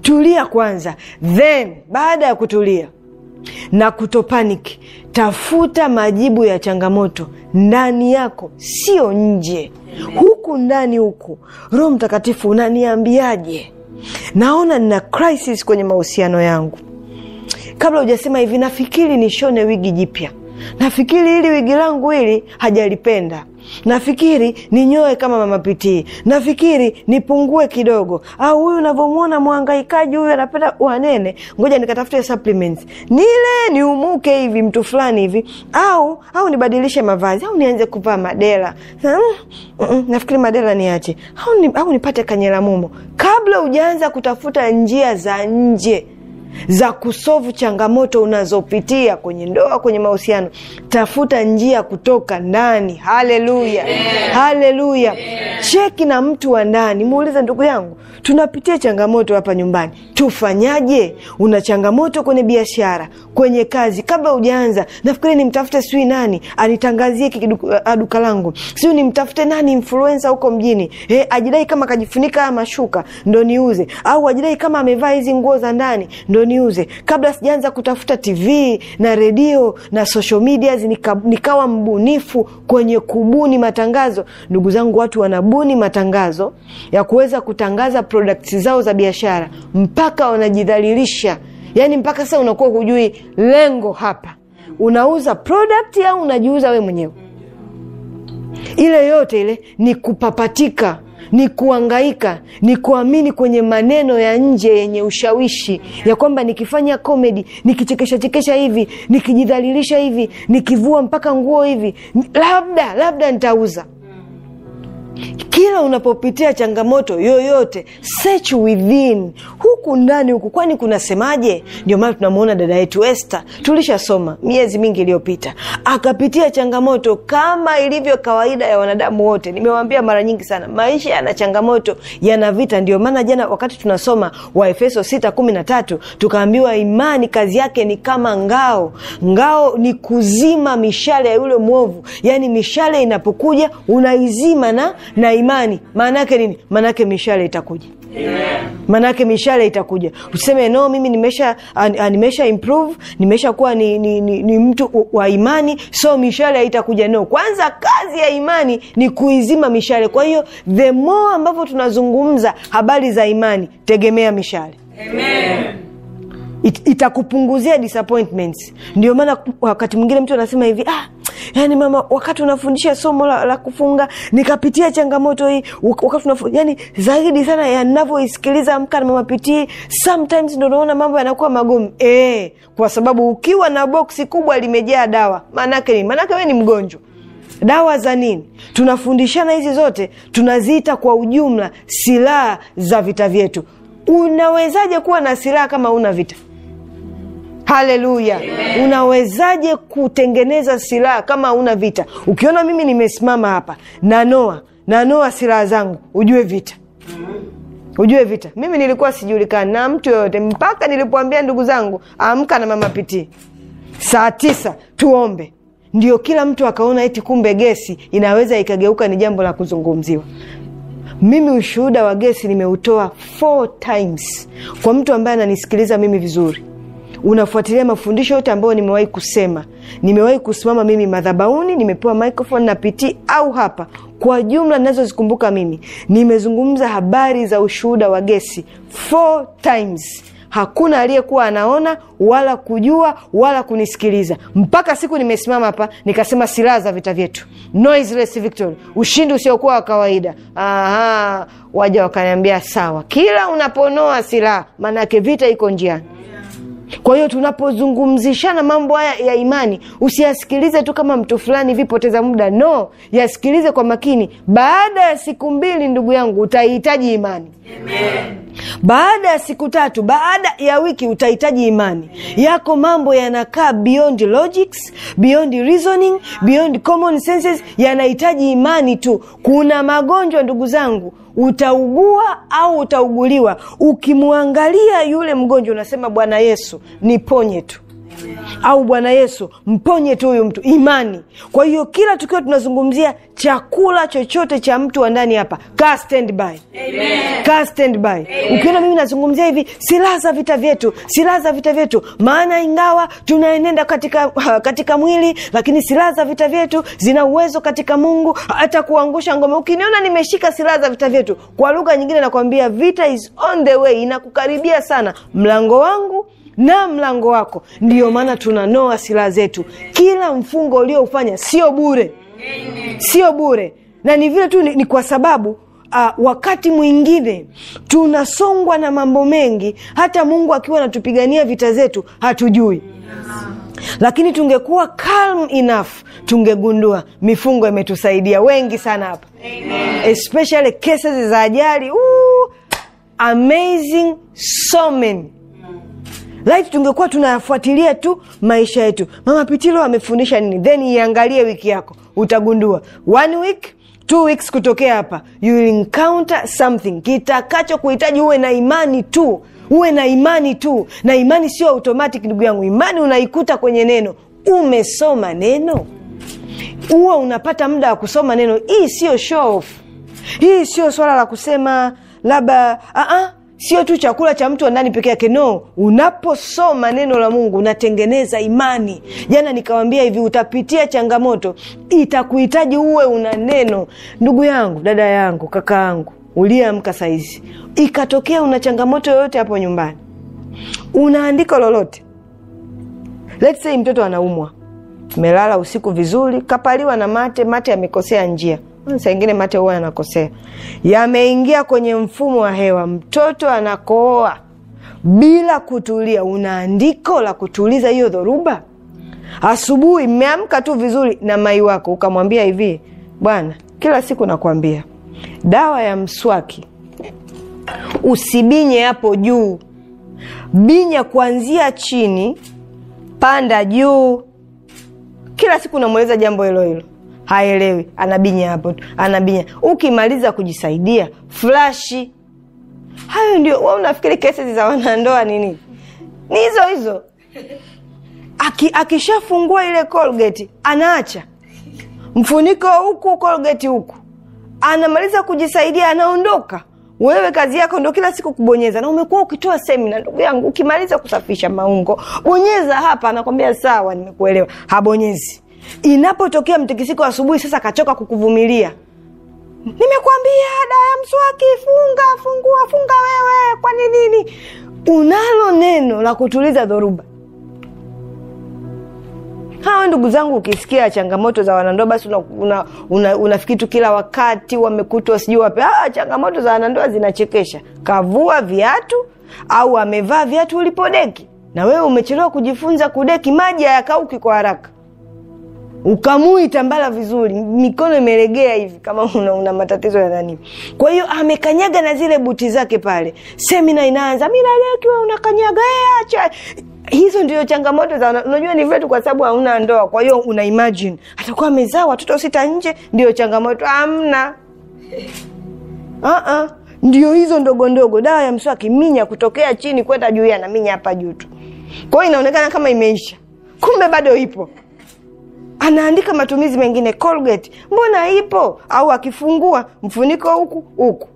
tulia kwanza, then baada ya kutulia na kutopaniki, tafuta majibu ya changamoto ndani yako, sio nje. Huku ndani huku, Roho Mtakatifu unaniambiaje? Naona nina crisis kwenye mahusiano yangu. Kabla hujasema hivi, nafikiri nishone wigi jipya Nafikiri hili wigi langu hili hajalipenda. Nafikiri ninyoe kama mama Pitii. Nafikiri nipungue kidogo, au huyu unavyomwona mwangaikaji huyu anapenda wanene, ngoja nikatafute supplements nile niumuke hivi mtu fulani hivi, au au nibadilishe mavazi, au nianze kuvaa madela. Hmm? Mm, nafikiri madela niache, au, ni, au nipate kanyela mumo. Kabla ujaanza kutafuta njia za nje za kusovu changamoto unazopitia kwenye ndoa, kwenye mahusiano. Tafuta njia kutoka ndani. Haleluya, haleluya! Cheki na mtu wa ndani, muulize, ndugu yangu, tunapitia changamoto hapa nyumbani, tufanyaje? Una changamoto kwenye biashara, kwenye kazi? Kabla ujaanza nafikiri nimtafute sijui nani anitangazie kiduka eh, ah, langu, siu nimtafute nani influensa huko mjini, He, eh, ajidai kama kajifunika haya mashuka ndo niuze, au ajidai kama amevaa hizi nguo za ndani ndo niuze kabla sijaanza kutafuta tv na redio na social medias nika, nikawa mbunifu kwenye kubuni matangazo ndugu zangu watu wanabuni matangazo ya kuweza kutangaza products zao za biashara mpaka wanajidhalilisha yaani mpaka sasa unakuwa hujui lengo hapa unauza product au unajiuza we mwenyewe ile yote ile ni kupapatika ni kuangaika, ni kuamini kwenye maneno ya nje yenye ushawishi, ya kwamba nikifanya komedi, nikichekesha chekesha hivi, nikijidhalilisha hivi, nikivua mpaka nguo hivi, labda labda nitauza kila unapopitia changamoto yoyote, search within, huku ndani huku, kwani kunasemaje? Ndio maana tunamwona dada yetu Esther, tulishasoma miezi mingi iliyopita, akapitia changamoto kama ilivyo kawaida ya wanadamu wote. nimewambia mara nyingi sana, maisha yana changamoto, yana vita. Ndio maana jana wakati tunasoma Waefeso 6:13 tukaambiwa imani kazi yake ni kama ngao. Ngao ni kuzima mishale ya yule mwovu, yaani mishale inapokuja unaizima na na imani maana yake nini? Maana yake mishale itakuja, maana yake mishale itakuja. Useme no, mimi nimesha nimesha improve kuwa ni, ni, ni, ni mtu wa imani, so mishale haitakuja. No, kwanza kazi ya imani ni kuizima mishale. Kwa hiyo the more ambavyo tunazungumza habari za imani, tegemea mishale. Amen. It, itakupunguzia disappointments. Ndio maana wakati mwingine mtu anasema hivi ah, yani mama, wakati unafundisha somo la, la kufunga nikapitia changamoto hii, wakati unafu, yani zaidi sana yanavyoisikiliza amka na mamapitii, sometimes ndo unaona mambo yanakuwa magumu eh, kwa sababu ukiwa na boksi kubwa limejaa dawa, maanake nini? Maanake wewe ni mgonjwa dawa za nini? Tunafundishana hizi zote, tunaziita kwa ujumla silaha za vita vyetu. Unawezaje kuwa na silaha kama una vita? haleluya unawezaje kutengeneza silaha kama hauna vita ukiona mimi nimesimama hapa nanoa nanoa silaha zangu ujue vita ujue vita mimi nilikuwa sijulikani na mtu yoyote mpaka nilipoambia ndugu zangu amka na mama pitii saa tisa tuombe ndio kila mtu akaona eti kumbe gesi inaweza ikageuka ni jambo la kuzungumziwa mimi ushuhuda wa gesi nimeutoa four times kwa mtu ambaye ananisikiliza mimi vizuri unafuatilia mafundisho yote ambayo nimewahi kusema. Nimewahi kusimama mimi madhabauni, nimepewa microphone na PT au hapa, kwa jumla ninazozikumbuka mimi, nimezungumza habari za ushuhuda wa gesi four times. Hakuna aliyekuwa anaona wala kujua wala kunisikiliza mpaka siku nimesimama hapa nikasema, silaha za vita vyetu, victory, ushindi usiokuwa wa kawaida. Aha, waja wakaniambia sawa, kila unaponoa silaha, maanaake vita iko njiani. Kwa hiyo tunapozungumzishana mambo haya ya imani, usiyasikilize tu kama mtu fulani vipoteza muda. No, yasikilize kwa makini. Baada ya siku mbili, ndugu yangu, utaihitaji imani Amen. Baada ya siku tatu, baada ya wiki, utahitaji imani yako. Mambo yanakaa beyond logics, beyond reasoning, beyond common senses, yanahitaji imani tu. Kuna magonjwa ndugu zangu utaugua au utauguliwa. Ukimwangalia yule mgonjwa unasema Bwana Yesu niponye tu au Bwana Yesu, mponye tu huyu mtu, imani. Kwa hiyo kila tukiwa tunazungumzia chakula chochote cha mtu wa ndani hapa, kaa stand by, stand by. Ukiona mimi nazungumzia hivi, silaha za vita vyetu, silaha za vita vyetu, maana ingawa tunaenenda katika, katika mwili, lakini silaha za vita vyetu zina uwezo katika Mungu hata kuangusha ngome. Ukiniona nimeshika silaha za vita vyetu, kwa lugha nyingine nakwambia vita is on the way, inakukaribia sana mlango wangu na mlango wako. Ndiyo maana tunanoa silaha zetu. Kila mfungo ulioufanya sio bure, sio bure, na ni vile tu ni, ni kwa sababu Uh, wakati mwingine tunasongwa na mambo mengi, hata Mungu akiwa anatupigania vita zetu hatujui. Yes. Lakini tungekuwa calm enough tungegundua mifungo imetusaidia wengi sana hapa, especially cases za ajali. Amazing so many laiti tungekuwa tunayafuatilia tu maisha yetu. Mama Pitilo amefundisha nini? Then iangalie wiki yako, utagundua one week two weeks kutokea hapa, you will encounter something kitakacho kuhitaji uwe na imani tu, uwe na imani tu. Na imani sio automatic, ndugu yangu. Imani unaikuta kwenye neno. Umesoma neno, huwa unapata muda wa kusoma neno. Hii sio show off, hii sio swala la kusema labda a ah, a ah, sio tu chakula cha mtu wa ndani peke yake no unaposoma neno la mungu unatengeneza imani jana nikawambia hivi utapitia changamoto itakuhitaji uwe una neno ndugu yangu dada yangu kaka yangu uliyeamka saizi ikatokea una changamoto yoyote hapo nyumbani unaandika lolote Let's say mtoto anaumwa melala usiku vizuri kapaliwa na mate mate amekosea njia Hmm, saa mate huwa yanakosea, yameingia kwenye mfumo wa hewa, mtoto anakooa bila kutulia. Una andiko la kutuliza hiyo dhoruba? Asubuhi mmeamka tu vizuri na mai wako, ukamwambia hivi, bwana, kila siku nakwambia dawa ya mswaki usibinye hapo juu, binya kuanzia chini, panda juu. Kila siku unamweleza jambo hilo hilo haelewi, anabinya hapo tu, anabinya. Ukimaliza kujisaidia flashi. Hayo ndio wewe unafikiri kesi za wanandoa nini? Ni hizo hizo. Aki, akishafungua ile Colgate anaacha mfuniko huku, Colgate huku, anamaliza kujisaidia, anaondoka. Wewe kazi yako ndo kila siku kubonyeza, na umekuwa ukitoa semina, ndugu yangu. Ukimaliza kusafisha maungo, bonyeza hapa. Anakwambia sawa, nimekuelewa, habonyezi inapotokea mtikisiko asubuhi, sasa kachoka kukuvumilia nimekwambia ada ya mswaki, funga fungua, funga wewe, kwani nini? Unalo neno la kutuliza dhoruba. Hawa ndugu zangu, ukisikia changamoto za wanandoa basi unafikiri una, una tu kila wakati wamekutwa sijui wape ah, changamoto za wanandoa zinachekesha. Kavua viatu au amevaa viatu ulipodeki, na wewe umechelewa kujifunza kudeki, maji hayakauki kwa haraka ukamui tambala vizuri, mikono imelegea hivi kama una, una matatizo ya nani. Kwa hiyo amekanyaga na zile buti zake pale, semina inaanza, mimi nalekiwa unakanyaga eh, acha hizo ndio changamoto za unajua, ni vetu kwa sababu hauna ndoa. Kwa hiyo una imagine atakuwa amezaa watoto sita nje, ndio changamoto hamna. uh -uh. Ndio hizo ndogo ndogo, dawa ya mswaki minya kutokea chini kwenda juu, yana minya hapa juu tu. Kwa hiyo inaonekana kama imeisha, kumbe bado ipo anaandika matumizi mengine Colgate mbona ipo, au akifungua mfuniko huku huku,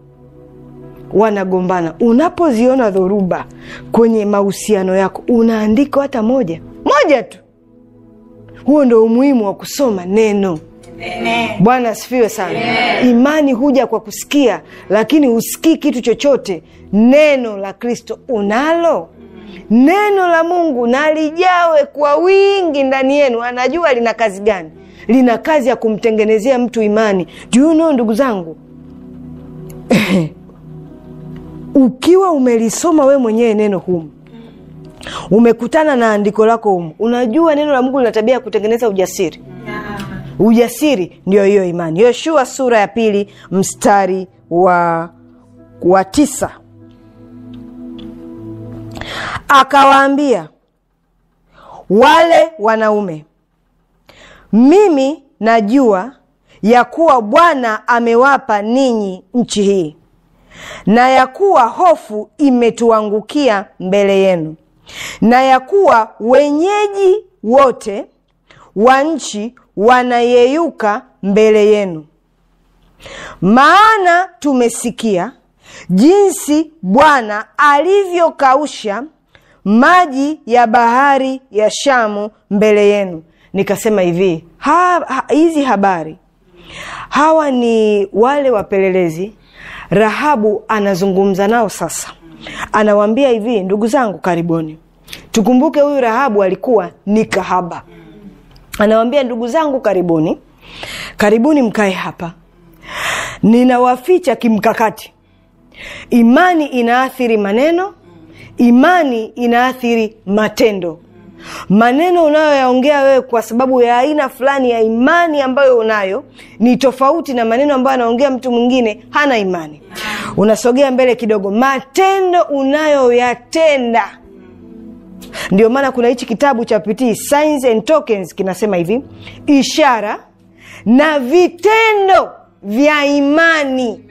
wanagombana. Unapoziona dhoruba kwenye mahusiano yako, unaandika hata moja moja tu. Huo ndio umuhimu wa kusoma neno. Bwana asifiwe sana. Amen. Imani huja kwa kusikia, lakini husikii kitu chochote. Neno la Kristo unalo neno la Mungu na lijawe kwa wingi ndani yenu. Anajua lina kazi gani? Lina kazi ya kumtengenezea mtu imani. Juu nao, ndugu zangu ukiwa umelisoma we mwenyewe neno humu, umekutana na andiko lako humu, unajua neno la Mungu lina tabia ya kutengeneza ujasiri. Ujasiri ndio hiyo imani. Yoshua sura ya pili mstari wa, wa tisa akawaambia wale wanaume mimi najua ya kuwa bwana amewapa ninyi nchi hii na ya kuwa hofu imetuangukia mbele yenu na ya kuwa wenyeji wote wa nchi wanayeyuka mbele yenu maana tumesikia jinsi Bwana alivyokausha maji ya bahari ya Shamu mbele yenu. Nikasema hivi ha, ha, hizi habari hawa ni wale wapelelezi Rahabu anazungumza nao sasa, anawambia hivi, ndugu zangu, karibuni. Tukumbuke huyu Rahabu alikuwa ni kahaba. anawambia ndugu zangu, karibuni, karibuni, mkae hapa, ninawaficha kimkakati imani inaathiri maneno imani inaathiri matendo maneno unayoyaongea wewe kwa sababu ya aina fulani ya imani ambayo unayo ni tofauti na maneno ambayo anaongea mtu mwingine hana imani unasogea mbele kidogo matendo unayoyatenda ndio maana kuna hichi kitabu cha pitii signs and tokens kinasema hivi ishara na vitendo vya imani Amen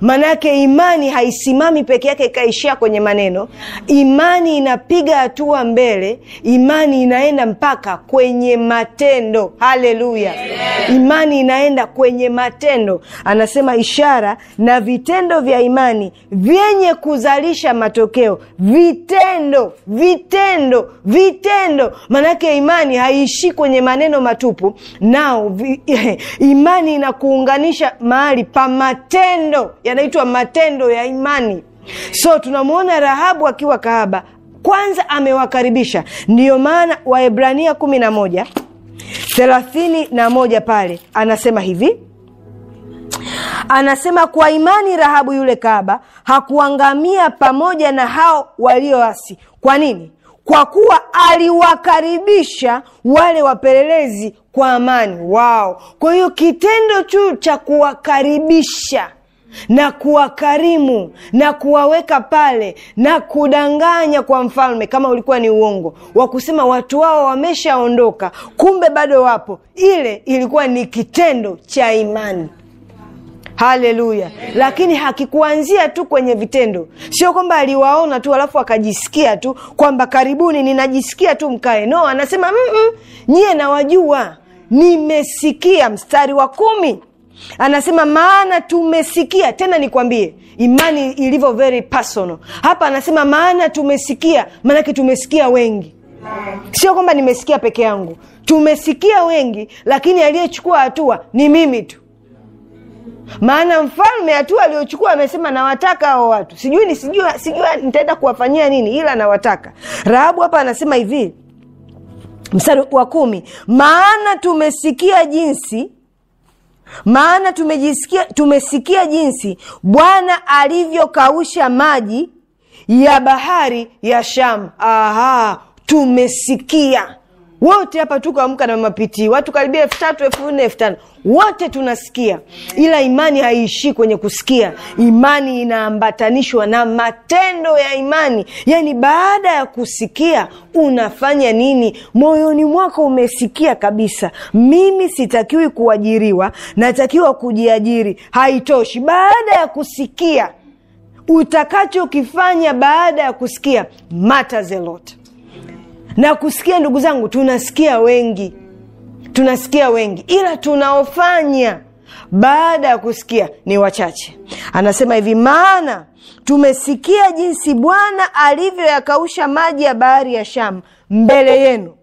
Maanake imani haisimami peke yake ikaishia kwenye maneno. Imani inapiga hatua mbele, imani inaenda mpaka kwenye matendo. Haleluya! Imani inaenda kwenye matendo. Anasema ishara na vitendo vya imani vyenye kuzalisha matokeo. Vitendo, vitendo, vitendo. Maanake imani haiishii kwenye maneno matupu, nao imani inakuunganisha mahali pa matendo yanaitwa matendo ya imani. So tunamwona Rahabu akiwa kahaba, kwanza amewakaribisha. Ndiyo maana Waebrania kumi na moja thelathini na moja pale anasema hivi anasema kwa imani Rahabu yule kahaba hakuangamia pamoja na hao walioasi. Kwa nini? Kwa kuwa aliwakaribisha wale wapelelezi kwa amani wao. Kwa hiyo kitendo tu cha kuwakaribisha na kuwakarimu na kuwaweka pale na kudanganya kwa mfalme, kama ulikuwa ni uongo wa kusema watu wao wameshaondoka, kumbe bado wapo. Ile ilikuwa ni kitendo cha imani. Haleluya! Lakini hakikuanzia tu kwenye vitendo, sio kwamba aliwaona tu alafu akajisikia tu kwamba karibuni, ninajisikia tu mkae. No, anasema mm -mm, nyie nawajua, nimesikia. Mstari wa kumi anasema maana tumesikia tena nikwambie imani ilivyo very personal hapa anasema maana tumesikia maanake tumesikia wengi sio kwamba nimesikia peke yangu tumesikia wengi lakini aliyechukua hatua ni mimi tu maana mfalme hatua aliyochukua amesema nawataka hao watu sijui ni sijui, sijui nitaenda kuwafanyia nini ila nawataka rahabu hapa anasema hivi mstari wa kumi maana tumesikia jinsi maana tumejisikia, tumesikia jinsi Bwana alivyokausha maji ya bahari ya Shamu. Aha, tumesikia wote hapa tuko amka na mapitii watu karibia elfu tatu elfu nne elfu tano wote tunasikia ila imani haiishii kwenye kusikia imani inaambatanishwa na matendo ya imani yaani baada ya kusikia unafanya nini moyoni mwako umesikia kabisa mimi sitakiwi kuajiriwa natakiwa kujiajiri haitoshi baada ya kusikia utakachokifanya baada ya kusikia matters a lot na kusikia ndugu zangu tunasikia wengi tunasikia wengi ila tunaofanya baada ya kusikia ni wachache anasema hivi maana tumesikia jinsi bwana alivyoyakausha maji ya bahari ya shamu mbele yenu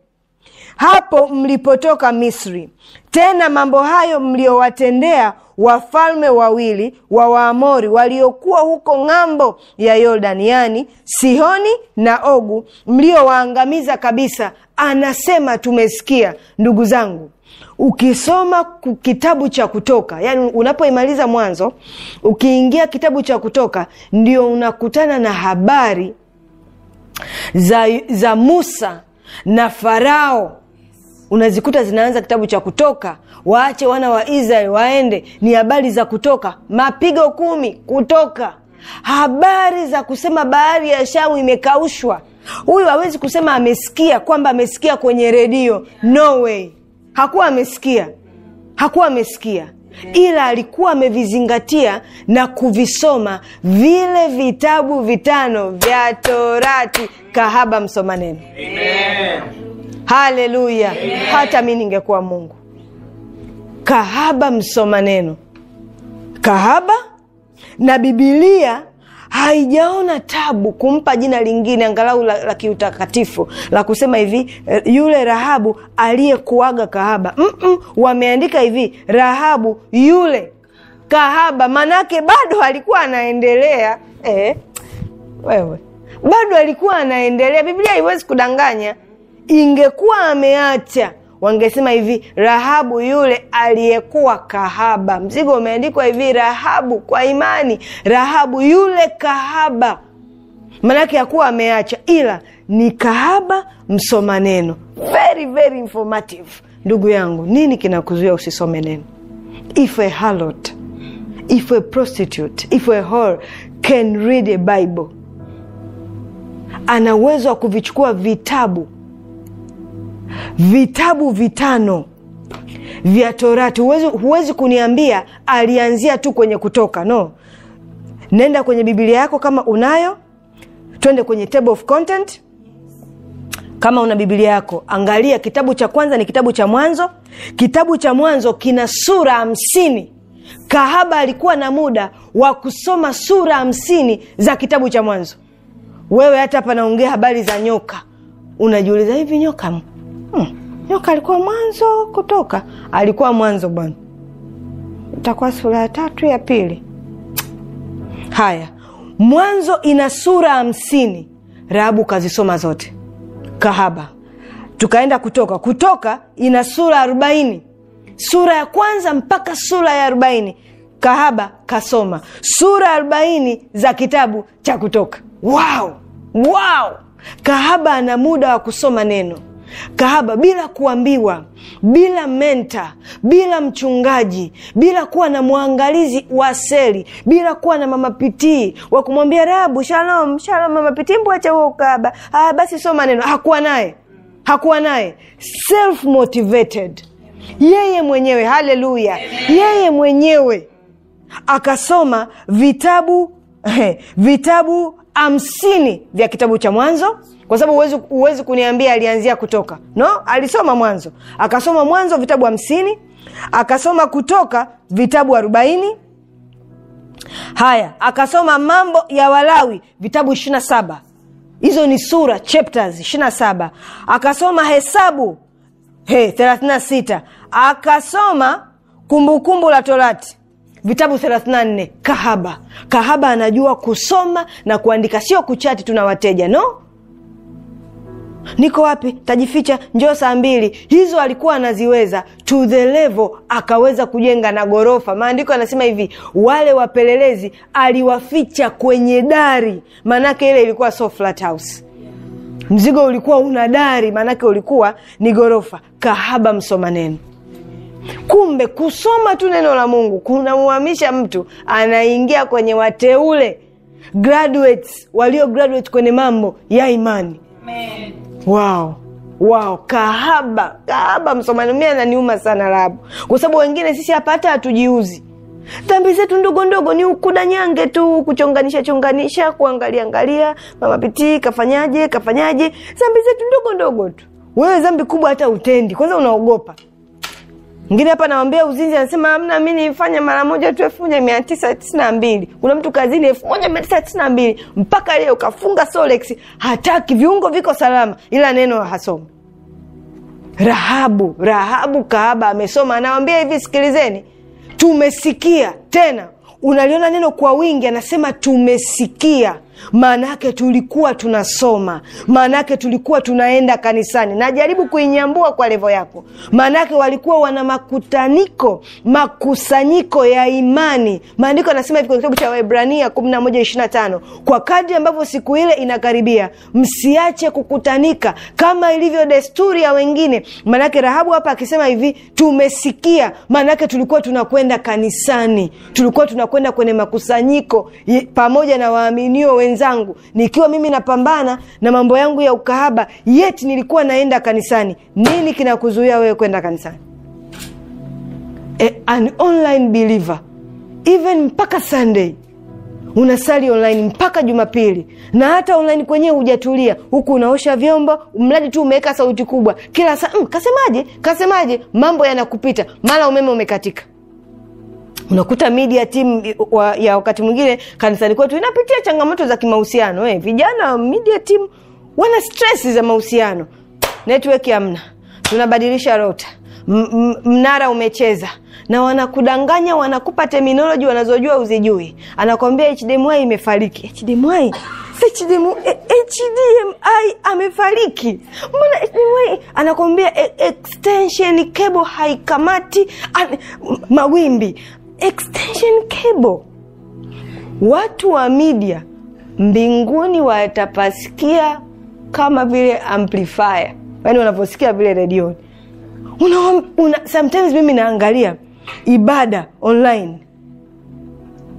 hapo mlipotoka misri tena mambo hayo mliowatendea wafalme wawili wa Waamori waliokuwa huko ng'ambo ya Yordani, yani Sihoni na Ogu, mliowaangamiza kabisa, anasema tumesikia. Ndugu zangu, ukisoma kitabu cha Kutoka, yani unapoimaliza Mwanzo ukiingia kitabu cha Kutoka, ndio unakutana na habari za, za Musa na Farao unazikuta zinaanza kitabu cha kutoka waache wana wa israeli waende ni habari za kutoka mapigo kumi kutoka habari za kusema bahari ya shamu imekaushwa huyu hawezi kusema amesikia kwamba amesikia kwenye redio no way hakuwa amesikia hakuwa amesikia ila alikuwa amevizingatia na kuvisoma vile vitabu vitano vya torati kahaba neno Amen haleluya hata mi ningekuwa mungu kahaba msoma neno kahaba na bibilia haijaona tabu kumpa jina lingine angalau la, la kiutakatifu la kusema hivi eh, yule rahabu aliyekuaga kahaba Mm-mm, wameandika hivi rahabu yule kahaba manake bado alikuwa anaendelea eh, wewe bado alikuwa anaendelea biblia haiwezi kudanganya ingekuwa ameacha wangesema hivi Rahabu yule aliyekuwa kahaba. Mzigo umeandikwa hivi Rahabu kwa imani, Rahabu yule kahaba, maanake yakuwa ameacha, ila ni kahaba msoma neno. Very very informative. Ndugu yangu, nini kinakuzuia usisome neno? If a harlot, if a prostitute, if a whore can read a Bible, ana uwezo wa kuvichukua vitabu vitabu vitano vya Torati. Huwezi, huwezi kuniambia alianzia tu kwenye Kutoka. No, nenda kwenye bibilia yako kama unayo, twende kwenye table of content kama una Biblia yako, angalia kitabu cha kwanza ni kitabu cha Mwanzo. Kitabu cha Mwanzo kina sura hamsini. Kahaba alikuwa na muda wa kusoma sura hamsini za kitabu cha Mwanzo. Wewe hata hapa naongea habari za nyoka, unajiuliza hivi nyoka hmm. Eh, Nyoka alikuwa mwanzo kutoka, alikuwa mwanzo bwana, itakuwa sura ya tatu ya pili. Haya, Mwanzo ina sura hamsini. Rahabu kazisoma zote, kahaba. Tukaenda Kutoka, Kutoka ina sura arobaini, sura ya kwanza mpaka sura ya arobaini kahaba kasoma sura arobaini za kitabu cha Kutoka. Wow! Wow! Kahaba ana muda wa kusoma neno kahaba bila kuambiwa, bila menta, bila mchungaji, bila kuwa na mwangalizi wa seli, bila kuwa na mamapitii wa kumwambia rabu, shalom shalom, mamapitii, mbwacha huo ukahaba. Ah, basi sio maneno, hakuwa naye, hakuwa naye, self motivated yeye mwenyewe. Haleluya, yeye mwenyewe akasoma vitabu vitabu hamsini vya kitabu cha Mwanzo, kwa sababu huwezi, huwezi kuniambia alianzia Kutoka. No, alisoma Mwanzo, akasoma Mwanzo vitabu hamsini, akasoma Kutoka vitabu arobaini. Haya, akasoma Mambo ya Walawi vitabu ishirini na saba. Hizo ni sura chapters ishirini na saba. Akasoma Hesabu he, thelathini na sita. Akasoma Kumbukumbu la Torati vitabu 34 kahaba. Kahaba anajua kusoma na kuandika, sio kuchati tuna wateja no Niko wapi? Tajificha, njoo saa mbili. Hizo alikuwa anaziweza to the level, akaweza kujenga na ghorofa. Maandiko anasema hivi, wale wapelelezi aliwaficha kwenye dari, maanake ile ilikuwa so flat house. Mzigo ulikuwa una dari, maanake ulikuwa ni ghorofa. Kahaba msoma neno Kumbe kusoma tu neno la Mungu kunamhamisha mtu, anaingia kwenye wateule graduates, walio graduate kwenye mambo ya imani. wao Wow. Wow, kahaba kahaba, msomani mimi ananiuma sana Rahabu, kwa sababu wengine sisi hapa hata hatujiuzi dhambi zetu ndogo ndogo ni ukudanyange tu, kuchonganisha chonganisha, kuangalia angalia, mama kafanyaje kafanyaje, dhambi zetu ndogo ndogo tu. Wewe zambi kubwa hata utendi, kwanza unaogopa Mwingine hapa nawambia uzinzi, anasema amna mi nilifanya mara moja tu elfu moja mia tisa tisini na mbili. Kuna mtu kazini elfu moja mia tisa tisini na mbili mpaka leo, kafunga Solex, hataki viungo viko salama, ila neno hasomi. Rahabu, Rahabu kahaba amesoma, anawambia hivi, sikilizeni, tumesikia tena, unaliona neno kwa wingi, anasema tumesikia maana yake tulikuwa tunasoma, maana yake tulikuwa tunaenda kanisani. Najaribu kuinyambua kwa levo yako, maana yake walikuwa wana makutaniko, makusanyiko ya imani. Maandiko anasema hivi kwenye kitabu cha Waebrania 115 kwa kadri ambavyo siku ile inakaribia, msiache kukutanika kama ilivyo desturi ya wengine. maanake Rahabu hapa akisema hivi, tumesikia. Maana yake tulikuwa tunakwenda kanisani, tulikuwa tunakwenda kwenye makusanyiko pamoja na waaminio wenzangu nikiwa mimi napambana na mambo yangu ya ukahaba yeti nilikuwa naenda kanisani nini kinakuzuia wewe kwenda kanisani e, an online believer even mpaka sunday unasali online mpaka Jumapili, na hata online kwenyewe hujatulia, huku unaosha vyombo, mradi tu umeweka sauti kubwa kila saa. Mm, kasemaje? Kasemaje? mambo yanakupita, mara umeme umekatika unakuta media team wa, ya wakati mwingine kanisani kwetu inapitia changamoto za kimahusiano eh. Vijana wa media team wana stress za mahusiano, network hamna, tunabadilisha rota M mnara umecheza na wanakudanganya, wanakupa terminology wanazojua uzijui, anakwambia HDMI imefariki. HDMI HDMI eh, amefariki, mbona HDMI? Anakwambia eh, extension cable haikamati mawimbi extension cable. Watu wa media mbinguni watapasikia kama vile amplifier, yaani wanavyosikia vile redioni. Una, una, sometimes mimi naangalia ibada online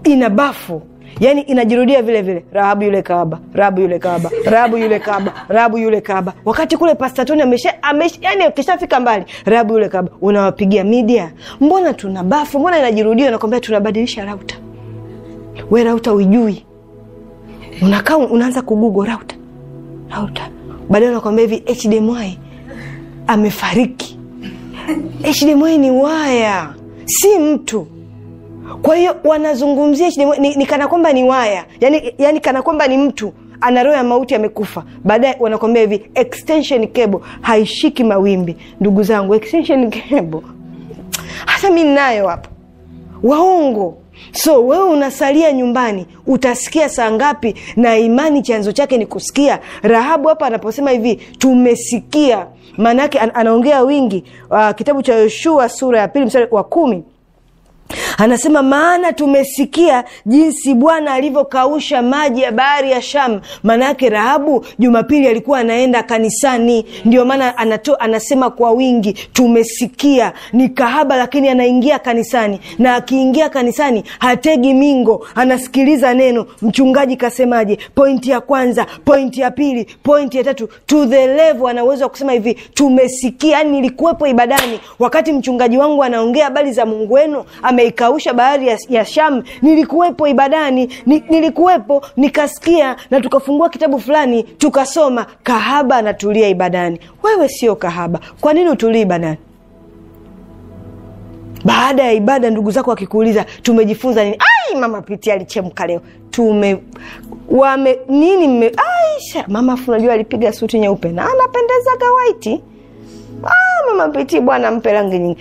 ina bafu yani inajirudia vile vile rahabu yule kaaba rahabu yule kaaba rahabu yule kaaba rahabu yule kaaba wakati kule pastatoni amesha, amesha yani kishafika mbali rahabu yule kaaba unawapigia media mbona tuna bafu mbona inajirudia nakwambia tunabadilisha rauta we rauta uijui unakaa unaanza kugugo rauta rauta baadaye unakwambia hivi hdmi amefariki hdmi ni waya si mtu kwa hiyo wanazungumzia shida ni, ni kana kwamba ni waya yani, yani kana kwamba ni mtu ana roho ya mauti amekufa baadaye wanakwambia hivi extension cable haishiki mawimbi ndugu zangu extension cable hata mi ninayo hapa waongo so wewe unasalia nyumbani utasikia saa ngapi na imani chanzo chake ni kusikia rahabu hapa anaposema hivi tumesikia maanaake anaongea wingi uh, kitabu cha yoshua sura ya pili mstari wa kumi anasema maana tumesikia jinsi bwana alivyokausha maji ya bahari ya sham maana yake rahabu jumapili alikuwa anaenda kanisani ndio maana anato, anasema kwa wingi tumesikia ni kahaba lakini anaingia kanisani na akiingia kanisani hategi mingo anasikiliza neno mchungaji kasemaje pointi ya kwanza pointi ya pili pointi ya tatu tudhelevu the level anaweza kusema hivi tumesikia yani nilikuwepo ibadani wakati mchungaji wangu anaongea habari za mungu wenu ame ameikausha bahari ya, ya Sham. Nilikuwepo ibadani ni, nilikuwepo nikasikia, na tukafungua kitabu fulani tukasoma. Kahaba anatulia ibadani, wewe sio kahaba. Kwa nini utulii ibadani? Baada ya ibada, ndugu zako wakikuuliza tumejifunza nini? Ai, mama Piti alichemka leo, tume wame nini mme, aisha mama afu najua alipiga suti nyeupe na anapendeza waiti. Ah, mama Piti bwana, mpe rangi nyingi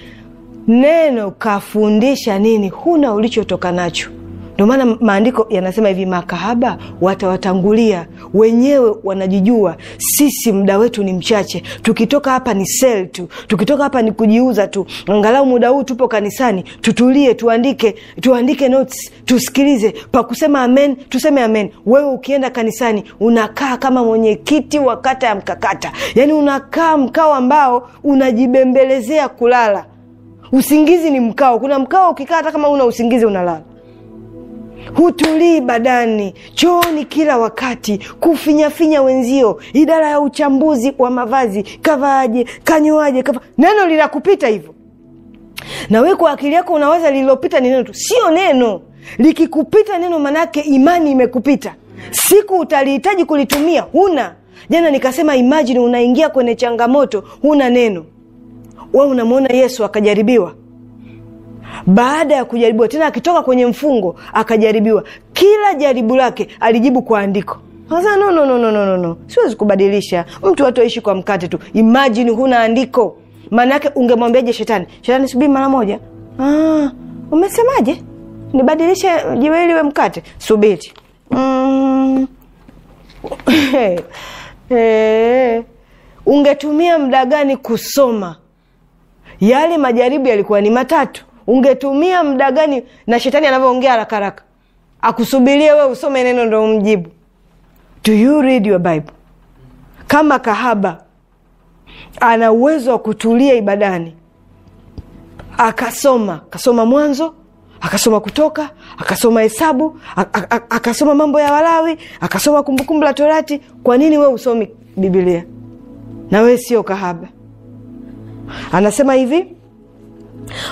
neno kafundisha nini, huna ulichotoka nacho. Ndio maana maandiko yanasema hivi, makahaba watawatangulia wenyewe, wanajijua sisi muda wetu ni mchache, tukitoka hapa ni sel tu, tukitoka hapa ni kujiuza tu. Angalau muda huu tupo kanisani, tutulie, tuandike tuandike notes, tusikilize pa kusema amen, tuseme amen. Wewe ukienda kanisani unakaa kama mwenyekiti wa kata ya mkakata, yaani unakaa mkao ambao unajibembelezea kulala Usingizi ni mkao. Kuna mkao ukikaa hata kama una usingizi unalala, hutulii badani, chooni kila wakati, kufinyafinya wenzio, idara ya uchambuzi wa mavazi, kavaaje, kanywaje, kava... neno linakupita hivyo, na we kwa akili yako unaweza lililopita ni neno tu, sio neno. Likikupita neno, manake imani imekupita. Siku utalihitaji kulitumia, huna. Jana nikasema imajini, unaingia kwenye changamoto, huna neno we unamwona yesu akajaribiwa baada ya kujaribiwa tena akitoka kwenye mfungo akajaribiwa kila jaribu lake alijibu kwa andiko sasa no, no, no, no, no, no. siwezi kubadilisha mtu watu aishi kwa mkate tu imajini huna andiko maana yake ungemwambiaje shetani shetani subiri mara moja ah, umesemaje nibadilishe jiweliwe mkate subiri mm. Eh, eh. ungetumia muda gani kusoma yale majaribu yalikuwa ni matatu ungetumia muda gani na shetani anavyoongea haraka haraka akusubirie we usome neno ndo umjibu do you read your bible kama kahaba ana uwezo wa kutulia ibadani akasoma akasoma mwanzo akasoma kutoka akasoma hesabu akasoma mambo ya walawi akasoma kumbukumbu la torati kwa nini we usomi bibilia na wewe sio kahaba anasema hivi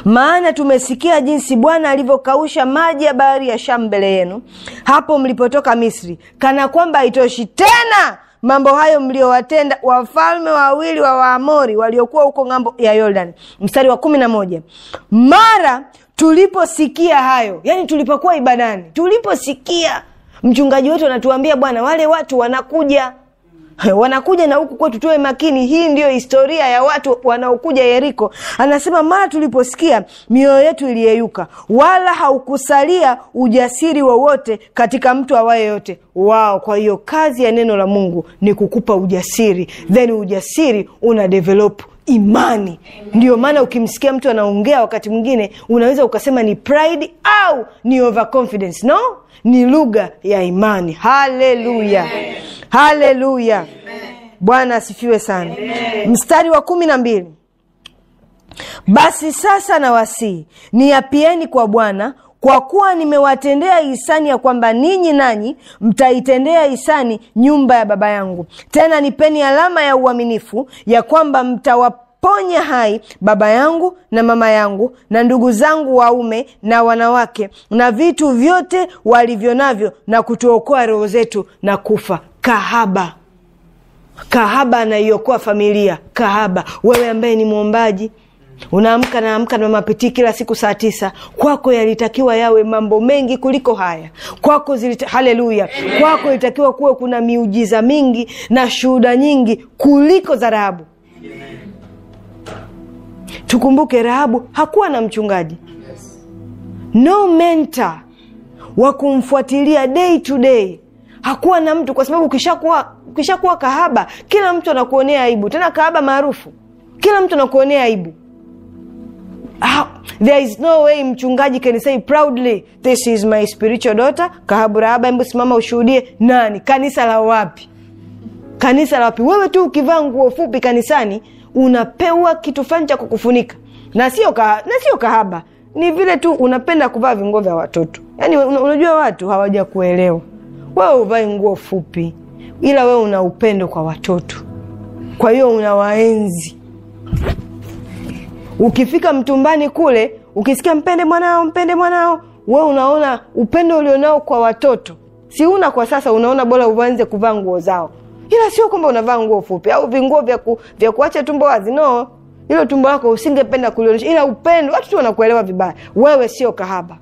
maana tumesikia jinsi Bwana alivyokausha maji ya bahari ya Shamu mbele yenu hapo mlipotoka Misri, kana kwamba haitoshi tena mambo hayo mliowatenda wafalme wawili wa Waamori waliokuwa huko ng'ambo ya yordan Mstari wa kumi na moja mara tuliposikia hayo, yani tulipokuwa ibadani, tuliposikia mchungaji wetu anatuambia, Bwana wale watu wanakuja wanakuja na huku kwetu, tuwe makini. Hii ndiyo historia ya watu wanaokuja Yeriko. Anasema mara tuliposikia, mioyo yetu iliyeyuka, wala haukusalia ujasiri wowote katika mtu awaye yote wao. Kwa hiyo kazi ya neno la Mungu ni kukupa ujasiri, then ujasiri una develop imani. Ndio maana ukimsikia mtu anaongea, wakati mwingine unaweza ukasema ni pride au ni overconfidence. No, ni lugha ya imani. Haleluya! haleluya bwana asifiwe sana Amen. mstari wa kumi na mbili basi sasa nawasihi niapieni kwa bwana kwa kuwa nimewatendea hisani ya kwamba ninyi nanyi mtaitendea hisani nyumba ya baba yangu tena nipeni alama ya uaminifu ya kwamba mtawaponya hai baba yangu na mama yangu na ndugu zangu waume na wanawake na vitu vyote walivyo navyo na kutuokoa roho zetu na kufa kahaba kahaba anaiokoa familia kahaba. Wewe ambaye ni mwombaji unaamka naamka na mapitii kila siku saa tisa, kwako yalitakiwa yawe mambo mengi kuliko haya. Kwako haleluya, kwako ilitakiwa kuwe kuna miujiza mingi na shuhuda nyingi kuliko za Rahabu. Tukumbuke Rahabu hakuwa na mchungaji, no menta wa kumfuatilia day to day hakuwa na mtu, kwa sababu ukishakuwa ukishakuwa kahaba, kila mtu anakuonea aibu, tena kahaba maarufu, kila mtu anakuonea aibu. Ah, there is no way mchungaji can say proudly this is my spiritual daughter. Kahabu Rahaba, hebu simama ushuhudie. Nani? Kanisa la wapi? Kanisa la wapi? Wewe tu ukivaa nguo fupi kanisani unapewa kitu fulani cha kukufunika, na sio ka, na sio kahaba, ni vile tu unapenda kuvaa vinguo vya watoto. Yaani unajua watu hawajakuelewa wewe uvae nguo fupi, ila wewe una upendo kwa watoto, kwa hiyo una waenzi. Ukifika mtumbani kule, ukisikia mpende mwanao, mpende mwanao, we unaona upendo ulionao kwa watoto si una kwa sasa, unaona bora uanze kuvaa nguo zao, ila sio kwamba unavaa nguo fupi au vinguo vya ku, vya kuacha tumbo wazi no, hilo tumbo lako usingependa kulionyesha, ila upendo watu tu wanakuelewa vibaya, wewe sio kahaba.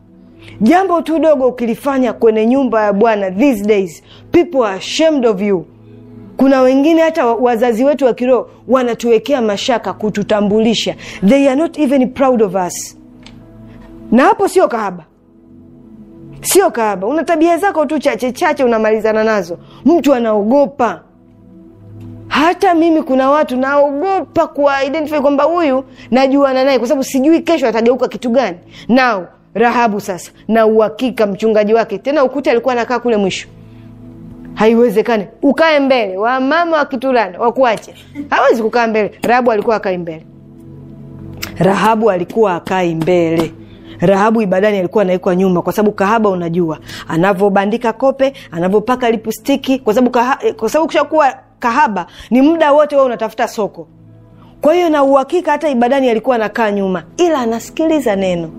Jambo tu dogo ukilifanya kwenye nyumba ya Bwana, these days people are ashamed of you. Kuna wengine hata wazazi wetu wa kiroho wanatuwekea mashaka kututambulisha, they are not even proud of us. Na hapo sio kahaba, sio kahaba, una tabia zako tu chache chache unamalizana nazo, mtu anaogopa. Hata mimi kuna watu naogopa kuwa identify kwamba huyu najuana naye, kwa sababu sijui kesho atageuka kitu gani nao Rahabu sasa na uhakika mchungaji wake tena, ukuta alikuwa anakaa kule mwisho. Haiwezekani ukae mbele, wamama wakitulana wakuache, hawezi kukaa mbele. Rahabu alikuwa akai mbele, Rahabu alikuwa akai mbele. Rahabu ibadani alikuwa anaikwa nyuma, kwa sababu kahaba, unajua anavyobandika kope, anavyopaka lipstiki, kwa sababu eh, kwa sababu kishakuwa kahaba ni muda wote wao unatafuta soko. Kwa hiyo na uhakika hata ibadani alikuwa anakaa nyuma, ila anasikiliza neno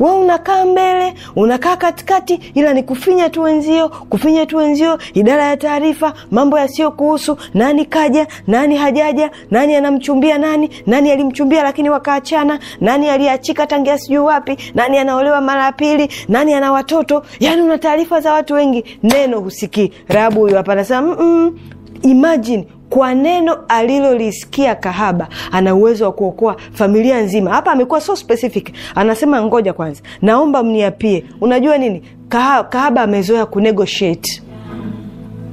we unakaa mbele, unakaa katikati, ila ni kufinya tu wenzio, kufinya tu wenzio. Idara ya taarifa, mambo yasiyokuhusu, nani kaja, nani hajaja, nani anamchumbia nani, nani alimchumbia lakini wakaachana, nani aliachika tangia sijuu wapi, nani anaolewa mara ya pili, nani ana watoto. Yani una taarifa za watu wengi, neno husikii. Rahabu huyu hapa anasema mm -mm. Imagine, kwa neno alilolisikia kahaba ana uwezo wa kuokoa familia nzima. Hapa amekuwa so specific, anasema ngoja kwanza, naomba mniapie. Unajua nini? Kahaba, kahaba amezoea kunegotiate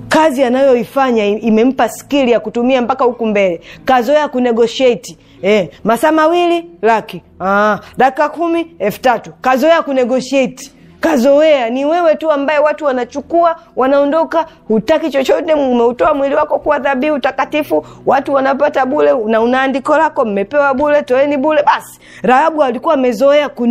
kazi anayoifanya imempa skili ya kutumia mpaka huku mbele. Kazoea kunegotiate eh, masaa mawili laki, ah, dakika kumi elfu tatu. Kazoea kunegotiate kazoea. Ni wewe tu ambaye watu wanachukua wanaondoka, hutaki chochote. Umeutoa mwili wako kuwa dhabihu takatifu, watu wanapata bule, na unaandiko lako mmepewa bule, toeni bule. Basi Rahabu alikuwa amezoea ku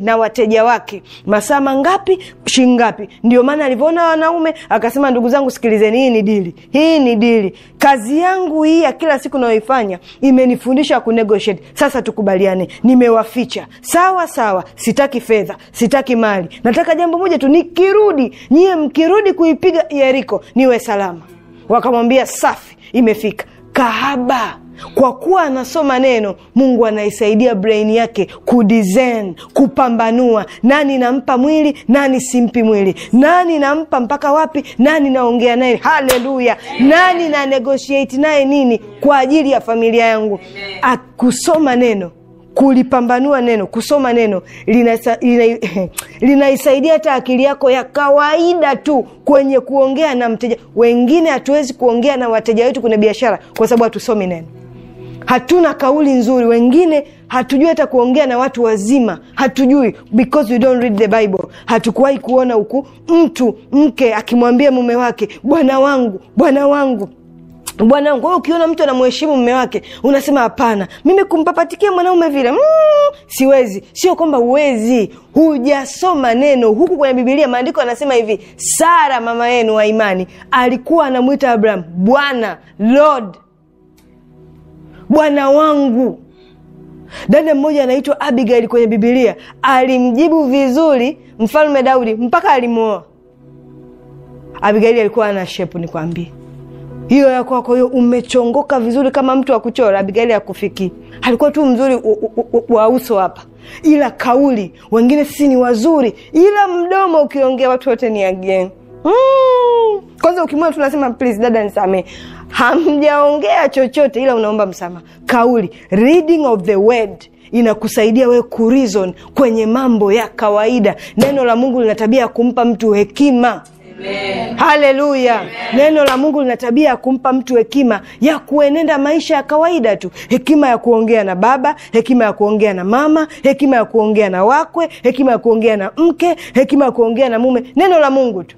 na wateja wake masaa mangapi, shingapi. Ndio maana alivyoona wanaume akasema, ndugu zangu, sikilizeni, hii ni dili, hii ni dili. Kazi yangu hii ya kila siku nayoifanya imenifundisha ku Sasa tukubaliane, nimewaficha sawa sawa, sitaki fedha, sitaki mali mbali nataka jambo moja tu nikirudi nyie mkirudi kuipiga yeriko niwe salama wakamwambia safi imefika kahaba kwa kuwa anasoma neno mungu anaisaidia brain yake kudesign kupambanua nani nampa mwili nani simpi mwili nani nampa mpaka wapi nani naongea naye haleluya nani na negotiate naye nini kwa ajili ya familia yangu akusoma neno kulipambanua neno, kusoma neno linaisaidia lina, lina hata akili yako ya kawaida tu kwenye kuongea na mteja. Wengine hatuwezi kuongea na wateja wetu kwenye biashara kwa sababu hatusomi neno, hatuna kauli nzuri. Wengine hatujui hata kuongea na watu wazima, hatujui because we don't read the Bible. Hatukuwahi kuona huku mtu mke akimwambia mume wake, bwana wangu, bwana wangu bwanangu we ukiona mtu anamuheshimu mme wake unasema hapana mimi kumpapatikia mwanaume vile mm, siwezi sio kwamba uwezi hujasoma neno huku kwenye bibilia maandiko anasema hivi sara mama yenu wa imani alikuwa anamwita abraham bwana lord bwana wangu dada mmoja anaitwa abigail kwenye bibilia alimjibu vizuri mfalme daudi mpaka alimwoa abigaili alikuwa ana shepu nikwambie hiyo ya kwako hiyo, umechongoka vizuri kama mtu wa kuchora. Abigaili ya kufiki alikuwa tu mzuri wa uso hapa, ila kauli, wengine sisi ni wazuri, ila mdomo ukiongea watu wote ni ageni. Mm. Kwanza ukimwona tunasema please, dada nisamehe. Hamjaongea chochote, ila unaomba msama Kauli, reading of the word inakusaidia wewe kurizon kwenye mambo ya kawaida. Neno la Mungu lina tabia ya kumpa mtu hekima. Haleluya! Neno la Mungu lina tabia ya kumpa mtu hekima ya kuenenda maisha ya kawaida tu, hekima ya kuongea na baba, hekima ya kuongea na mama, hekima ya kuongea na wakwe, hekima ya kuongea na mke, hekima ya kuongea na mume. Neno la Mungu tu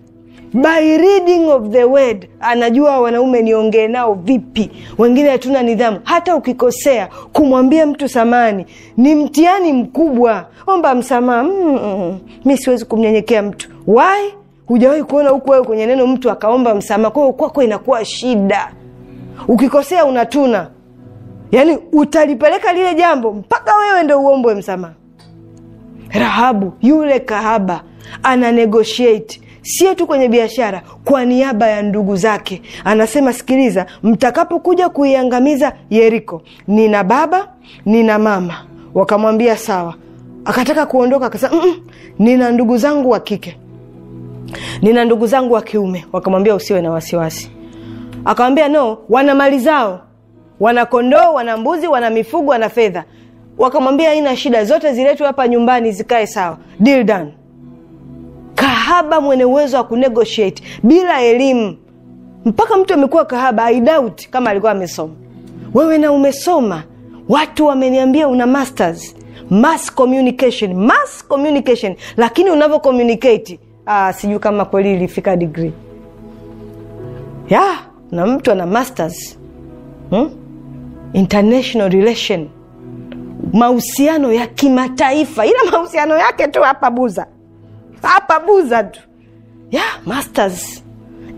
by reading of the word, anajua wanaume niongee nao vipi. Wengine hatuna nidhamu, hata ukikosea kumwambia mtu samani ni mtiani mkubwa. Omba msamaha. Mm -mm. Mi siwezi kumnyenyekea mtu. Why? hujawahi kuona huku wewe kwenye neno mtu akaomba msamaha kwao kwako inakuwa shida ukikosea unatuna yaani utalipeleka lile jambo mpaka wewe ndo uombwe msamaha rahabu yule kahaba ana negotiate sio tu kwenye biashara kwa niaba ya ndugu zake anasema sikiliza mtakapokuja kuiangamiza yeriko nina baba nina mama wakamwambia sawa akataka kuondoka akasema nina ndugu zangu wa kike nina ndugu zangu wa kiume wakamwambia usiwe na wasiwasi akamwambia no wana mali zao wana kondoo wana mbuzi wana mifugo wana fedha wakamwambia ina shida zote ziletwe hapa nyumbani zikae sawa deal done kahaba mwenye uwezo wa kunegotiate bila elimu mpaka mtu amekuwa kahaba i doubt kama alikuwa amesoma wewe na umesoma watu wameniambia una masters mass communication mass communication lakini unavyo communicate uh, sijui kama kweli ilifika digrii ya na mtu ana masters hmm? international relation mahusiano ya kimataifa ila mahusiano yake tu hapa buza hapa buza tu ya masters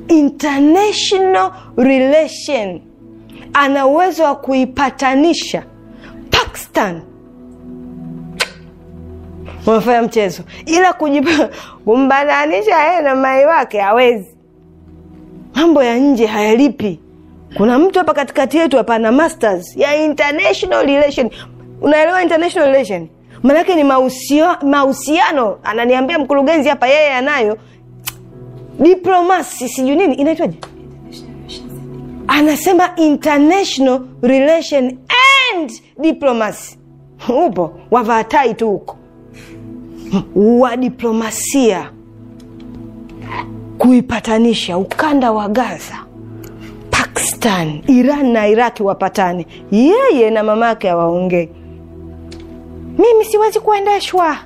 international relation ana uwezo wa kuipatanisha pakistan wamefanya mchezo, ila kumbananisha yeye na mai wake hawezi. Mambo ya nje hayalipi. Kuna mtu hapa katikati yetu hapa na masters ya international relation. Unaelewa international relation maanake ni mahusiano. Ananiambia mkurugenzi hapa, yeye anayo diplomasi, sijui nini inaitwaje, anasema international relation and diplomacy. Upo wavaatai tu huko wa diplomasia kuipatanisha ukanda wa Gaza, Pakistan, Iran na Iraki wapatane, yeye na mamake awaongee. Mimi siwezi kuendeshwa,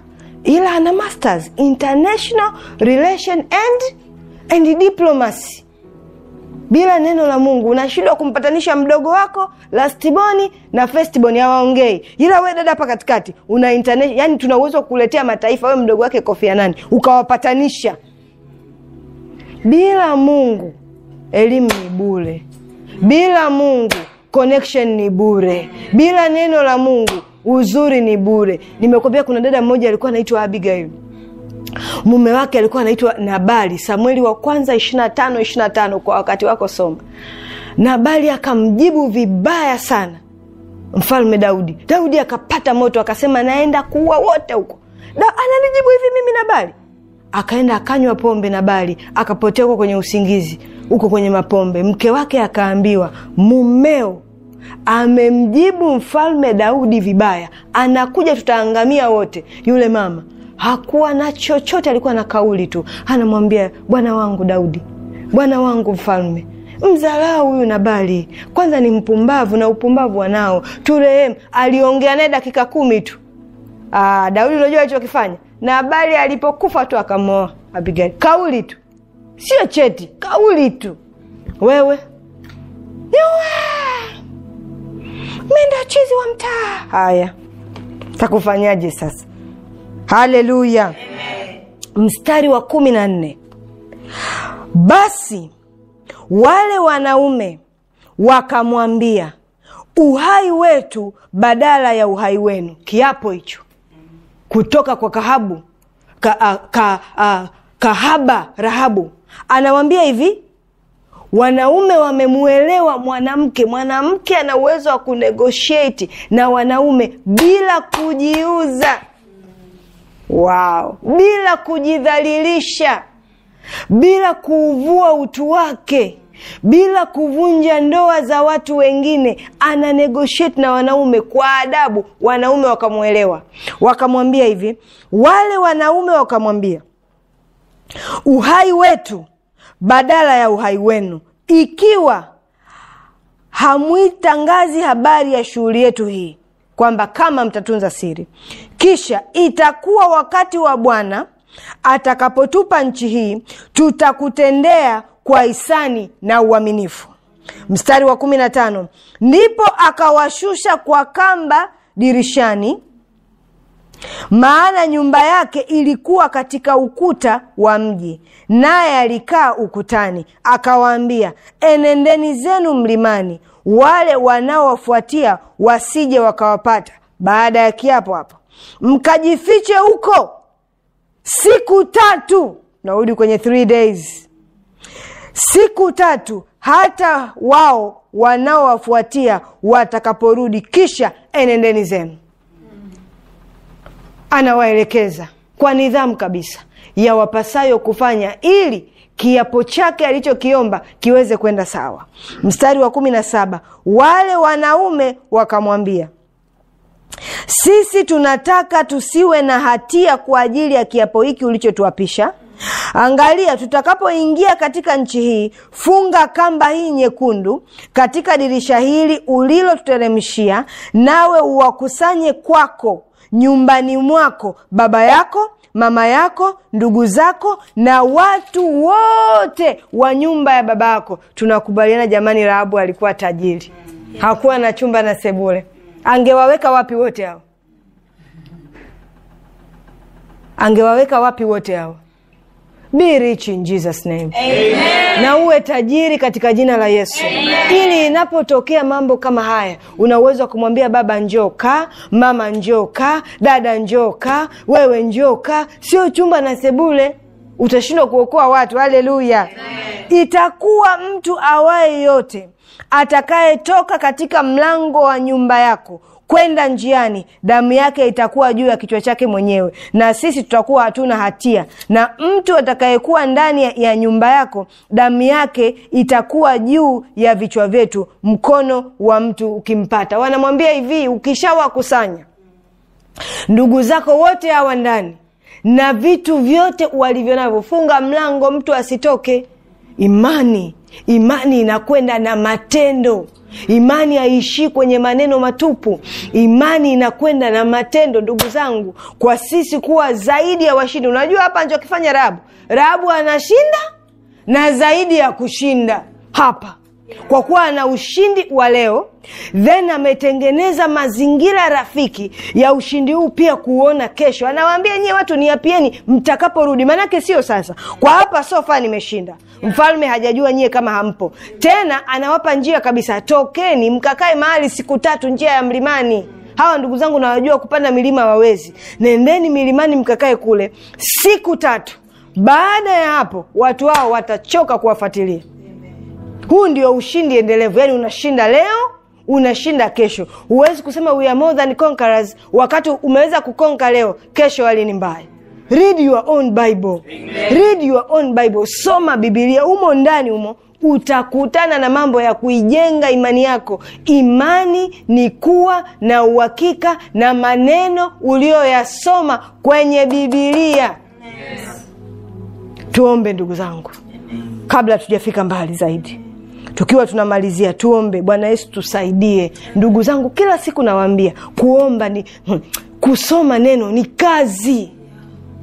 ila ana masters international relation and, and diplomacy bila neno la Mungu unashindwa kumpatanisha mdogo wako lastiboni na festiboni, hawaongei. Ila we dada hapa katikati una internet, yani tuna uwezo wa kuletea mataifa, we mdogo wake Kofi nani ukawapatanisha. Bila Mungu elimu ni bure, bila Mungu connection ni bure, bila neno la Mungu uzuri ni bure. Nimekwambia kuna dada mmoja alikuwa anaitwa Abigail mume wake alikuwa anaitwa nabali samueli wa kwanza ishirina tano ishirina tano kwa wakati wako soma nabali akamjibu vibaya sana mfalme daudi daudi akapata moto akasema naenda kuua wote huko ananijibu hivi mimi nabali akaenda akanywa pombe nabali akapotea huko kwenye usingizi huko kwenye mapombe mke wake akaambiwa mumeo amemjibu mfalme daudi vibaya anakuja tutaangamia wote yule mama hakuwa na chochote, alikuwa na kauli tu, anamwambia bwana wangu Daudi, bwana wangu mfalme mdharau huyu Nabali, kwanza ni mpumbavu na upumbavu wanao, turehemu. Aliongea naye dakika kumi tu. Ah, Daudi unajua alichokifanya Nabali? Alipokufa tu akamoa Abigaili, kauli tu, sio cheti, kauli tu. Wewe menda chizi wa mtaa, haya takufanyaje sasa? haleluya mstari wa kumi na nne basi wale wanaume wakamwambia uhai wetu badala ya uhai wenu kiapo hicho kutoka kwa kahabu ka, a, ka, a, kahaba rahabu anawambia hivi wanaume wamemwelewa mwanamke mwanamke ana uwezo wa kunegotiate na wanaume bila kujiuza wao bila kujidhalilisha, bila kuuvua utu wake, bila kuvunja ndoa za watu wengine. Ana negotiate na wanaume kwa adabu, wanaume wakamwelewa, wakamwambia hivi, wale wanaume wakamwambia, uhai wetu badala ya uhai wenu, ikiwa hamwitangazi habari ya shughuli yetu hii kwamba kama mtatunza siri, kisha itakuwa wakati wa Bwana atakapotupa nchi hii, tutakutendea kwa hisani na uaminifu. Mstari wa kumi na tano, ndipo akawashusha kwa kamba dirishani, maana nyumba yake ilikuwa katika ukuta wa mji, naye alikaa ukutani. Akawaambia, enendeni zenu mlimani wale wanaowafuatia wasije wakawapata baada ya kiapo hapo mkajifiche huko siku tatu narudi kwenye three days siku tatu hata wao wanaowafuatia watakaporudi kisha enendeni zenu anawaelekeza kwa nidhamu kabisa yawapasayo kufanya ili kiapo chake alichokiomba kiweze kwenda sawa. Mstari wa kumi na saba wale wanaume wakamwambia, sisi tunataka tusiwe na hatia kwa ajili ya kiapo hiki ulichotuapisha. Angalia, tutakapoingia katika nchi hii, funga kamba hii nyekundu katika dirisha hili ulilotuteremshia, nawe uwakusanye kwako nyumbani mwako baba yako mama yako ndugu zako na watu wote wa nyumba ya baba yako tunakubaliana jamani rahabu alikuwa tajiri hakuwa na chumba na sebule angewaweka wapi wote hao angewaweka wapi wote hao Be rich in Jesus name. Amen. Na uwe tajiri katika jina la Yesu, ili inapotokea mambo kama haya una uwezo wa kumwambia baba, njoka, mama njoka, dada njoka wewe njoka sio chumba na sebule. Utashindwa kuokoa watu. Haleluya! Itakuwa mtu awaye yote atakayetoka katika mlango wa nyumba yako kwenda njiani, damu yake itakuwa juu ya kichwa chake mwenyewe, na sisi tutakuwa hatuna hatia. Na mtu atakayekuwa ndani ya nyumba yako, damu yake itakuwa juu ya vichwa vyetu, mkono wa mtu ukimpata. Wanamwambia hivi, ukishawakusanya ndugu zako wote hawa ndani na vitu vyote walivyo navyo, funga mlango, mtu asitoke. Imani imani inakwenda na matendo imani haiishii kwenye maneno matupu imani inakwenda na matendo ndugu zangu kwa sisi kuwa zaidi ya washindi unajua hapa akifanya rahabu rahabu anashinda na zaidi ya kushinda hapa kwa kuwa ana ushindi wa leo then ametengeneza mazingira rafiki ya ushindi huu pia kuona kesho anawaambia nyie watu niapieni mtakaporudi maanake sio sasa kwa hapa sofa nimeshinda mfalme hajajua nyie kama hampo tena anawapa njia kabisa tokeni mkakae mahali siku tatu njia ya mlimani hawa ndugu zangu nawajua kupanda milima wawezi nendeni milimani mkakae kule siku tatu baada ya hapo watu hao watachoka kuwafuatilia huu ndio ushindi endelevu yaani unashinda leo unashinda kesho huwezi kusema we are more than conquerors wakati umeweza kukonka leo kesho alini mbaya read your own bible read your own bible soma bibilia humo ndani humo utakutana na mambo ya kuijenga imani yako imani ni kuwa na uhakika na maneno uliyoyasoma kwenye bibilia yes. tuombe ndugu zangu kabla tujafika mbali zaidi Tukiwa tunamalizia tuombe. Bwana Yesu tusaidie, ndugu zangu. Kila siku nawaambia kuomba ni hmm, kusoma neno ni kazi.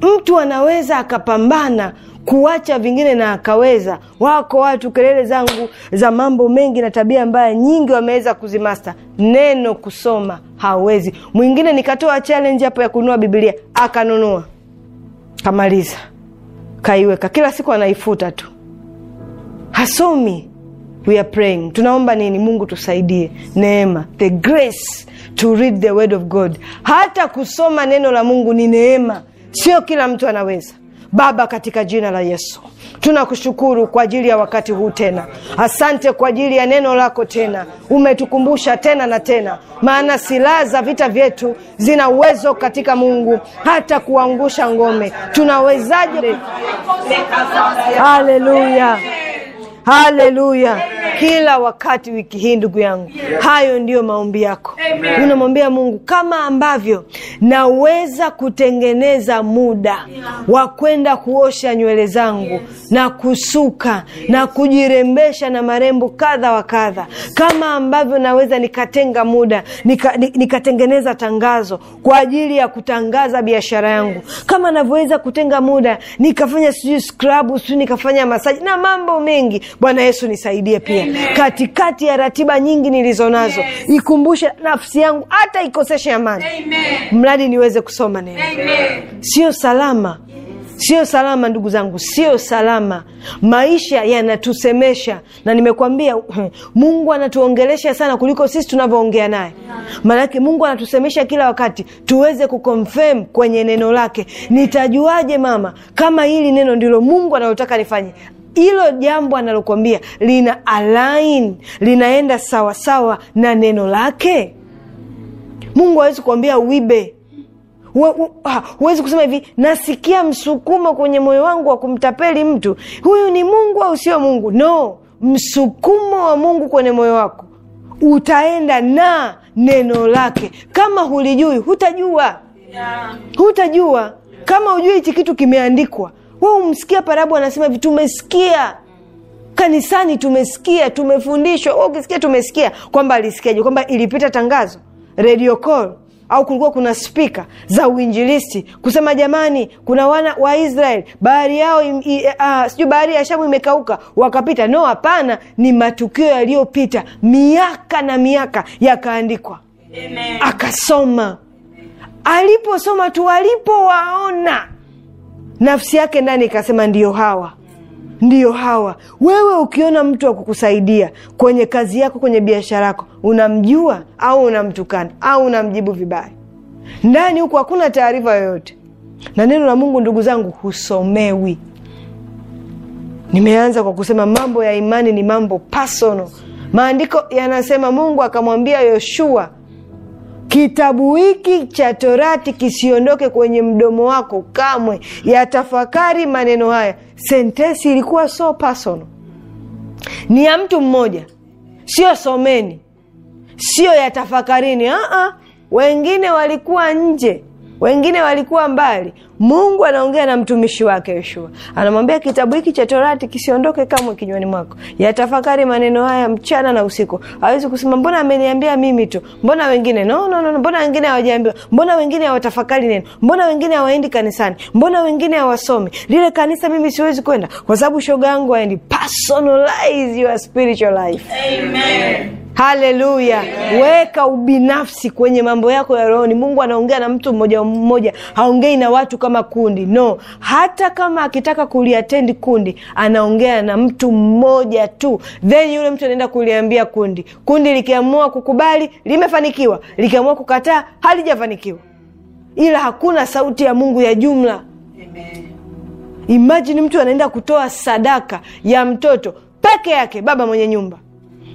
Mtu anaweza akapambana kuacha vingine na akaweza. Wako watu kelele zangu za mambo mengi na tabia mbaya nyingi wameweza kuzimasta, neno kusoma hawezi. Mwingine nikatoa challenge hapo ya kununua bibilia akanunua kamaliza, kaiweka, kila siku anaifuta tu, hasomi we are praying tunaomba nini mungu tusaidie neema the grace to read the word of god hata kusoma neno la mungu ni neema sio kila mtu anaweza baba katika jina la yesu tunakushukuru kwa ajili ya wakati huu tena asante kwa ajili ya neno lako tena umetukumbusha tena na tena maana silaha za vita vyetu zina uwezo katika mungu hata kuangusha ngome tunawezaje haleluya Haleluya! Kila wakati wiki hii, ndugu yangu, yes. Hayo ndiyo maombi yako, unamwambia Mungu kama ambavyo naweza kutengeneza muda wa kwenda kuosha nywele zangu yes. na kusuka yes. na kujirembesha na marembo kadha wa kadha kama ambavyo naweza nikatenga muda nika, nikatengeneza tangazo kwa ajili ya kutangaza biashara yangu yes. kama navyoweza kutenga muda nikafanya sijui skrabu sijui nikafanya masaji na mambo mengi Bwana Yesu nisaidie pia Katikati ya ratiba nyingi nilizo nazo yes. Ikumbushe nafsi yangu hata ikoseshe amani, mradi niweze kusoma neno. Sio salama Sio salama ndugu zangu, sio salama. Maisha yanatusemesha, na nimekuambia Mungu anatuongelesha sana kuliko sisi tunavyoongea naye. Maanake Mungu anatusemesha kila wakati, tuweze kukonfirm kwenye neno lake. Nitajuaje mama kama hili neno ndilo Mungu anayotaka nifanye? hilo jambo analokwambia lina align linaenda sawasawa sawa na neno lake. Mungu awezi kuambia wibe ah, Huwezi kusema hivi, nasikia msukumo kwenye moyo wangu wa kumtapeli mtu, huyu ni Mungu au sio Mungu? No, msukumo wa Mungu kwenye moyo wako utaenda na neno lake. Kama hulijui hutajua, hutajua. Kama hujui hichi kitu kimeandikwa we umsikia parabu anasema hivi tumesikia kanisani tumesikia tumefundishwa ukisikia tumesikia kwamba alisikiaje kwamba ilipita tangazo radio call au kulikuwa kuna spika za uinjilisti kusema jamani kuna wana wa israel bahari yao uh, sijui bahari ya shamu imekauka wakapita no hapana ni matukio yaliyopita miaka na miaka yakaandikwa akasoma aliposoma tu alipowaona nafsi yake ndani ikasema ndiyo hawa ndiyo hawa. Wewe ukiona mtu wa kukusaidia kwenye kazi yako, kwenye biashara yako, unamjua au unamtukana au unamjibu vibaya? Ndani huku hakuna taarifa yoyote, na neno la Mungu ndugu zangu husomewi. Nimeanza kwa kusema mambo ya imani ni mambo pasono Maandiko yanasema Mungu akamwambia Yoshua kitabu hiki cha Torati kisiondoke kwenye mdomo wako kamwe, yatafakari maneno haya. Sentesi ilikuwa so personal, ni ya mtu mmoja, sio someni, sio yatafakarini. uh-uh. wengine walikuwa nje wengine walikuwa mbali. Mungu anaongea na mtumishi wake Yoshua, anamwambia kitabu hiki cha Torati kisiondoke kamwe kinywani mwako, yatafakari maneno haya mchana na usiku. awezi kusema mbona ameniambia mimi tu, mbona wengine no, no, no, mbona wengine hawajaambiwa, mbona wengine hawatafakari neno, mbona wengine hawaendi kanisani, mbona wengine hawasomi lile kanisa, mimi siwezi kwenda kwa sababu shoga yangu aendi. Personalize your spiritual life. Amen. Haleluya! Weka ubinafsi kwenye mambo yako ya rohoni. Mungu anaongea na mtu mmoja mmoja, haongei na watu kama kundi. No, hata kama akitaka kuliatendi kundi, anaongea na mtu mmoja tu, then yule mtu anaenda kuliambia kundi. Kundi likiamua kukubali, limefanikiwa; likiamua kukataa, halijafanikiwa. Ila hakuna sauti ya Mungu ya jumla. Imajini mtu anaenda kutoa sadaka ya mtoto peke yake, baba mwenye nyumba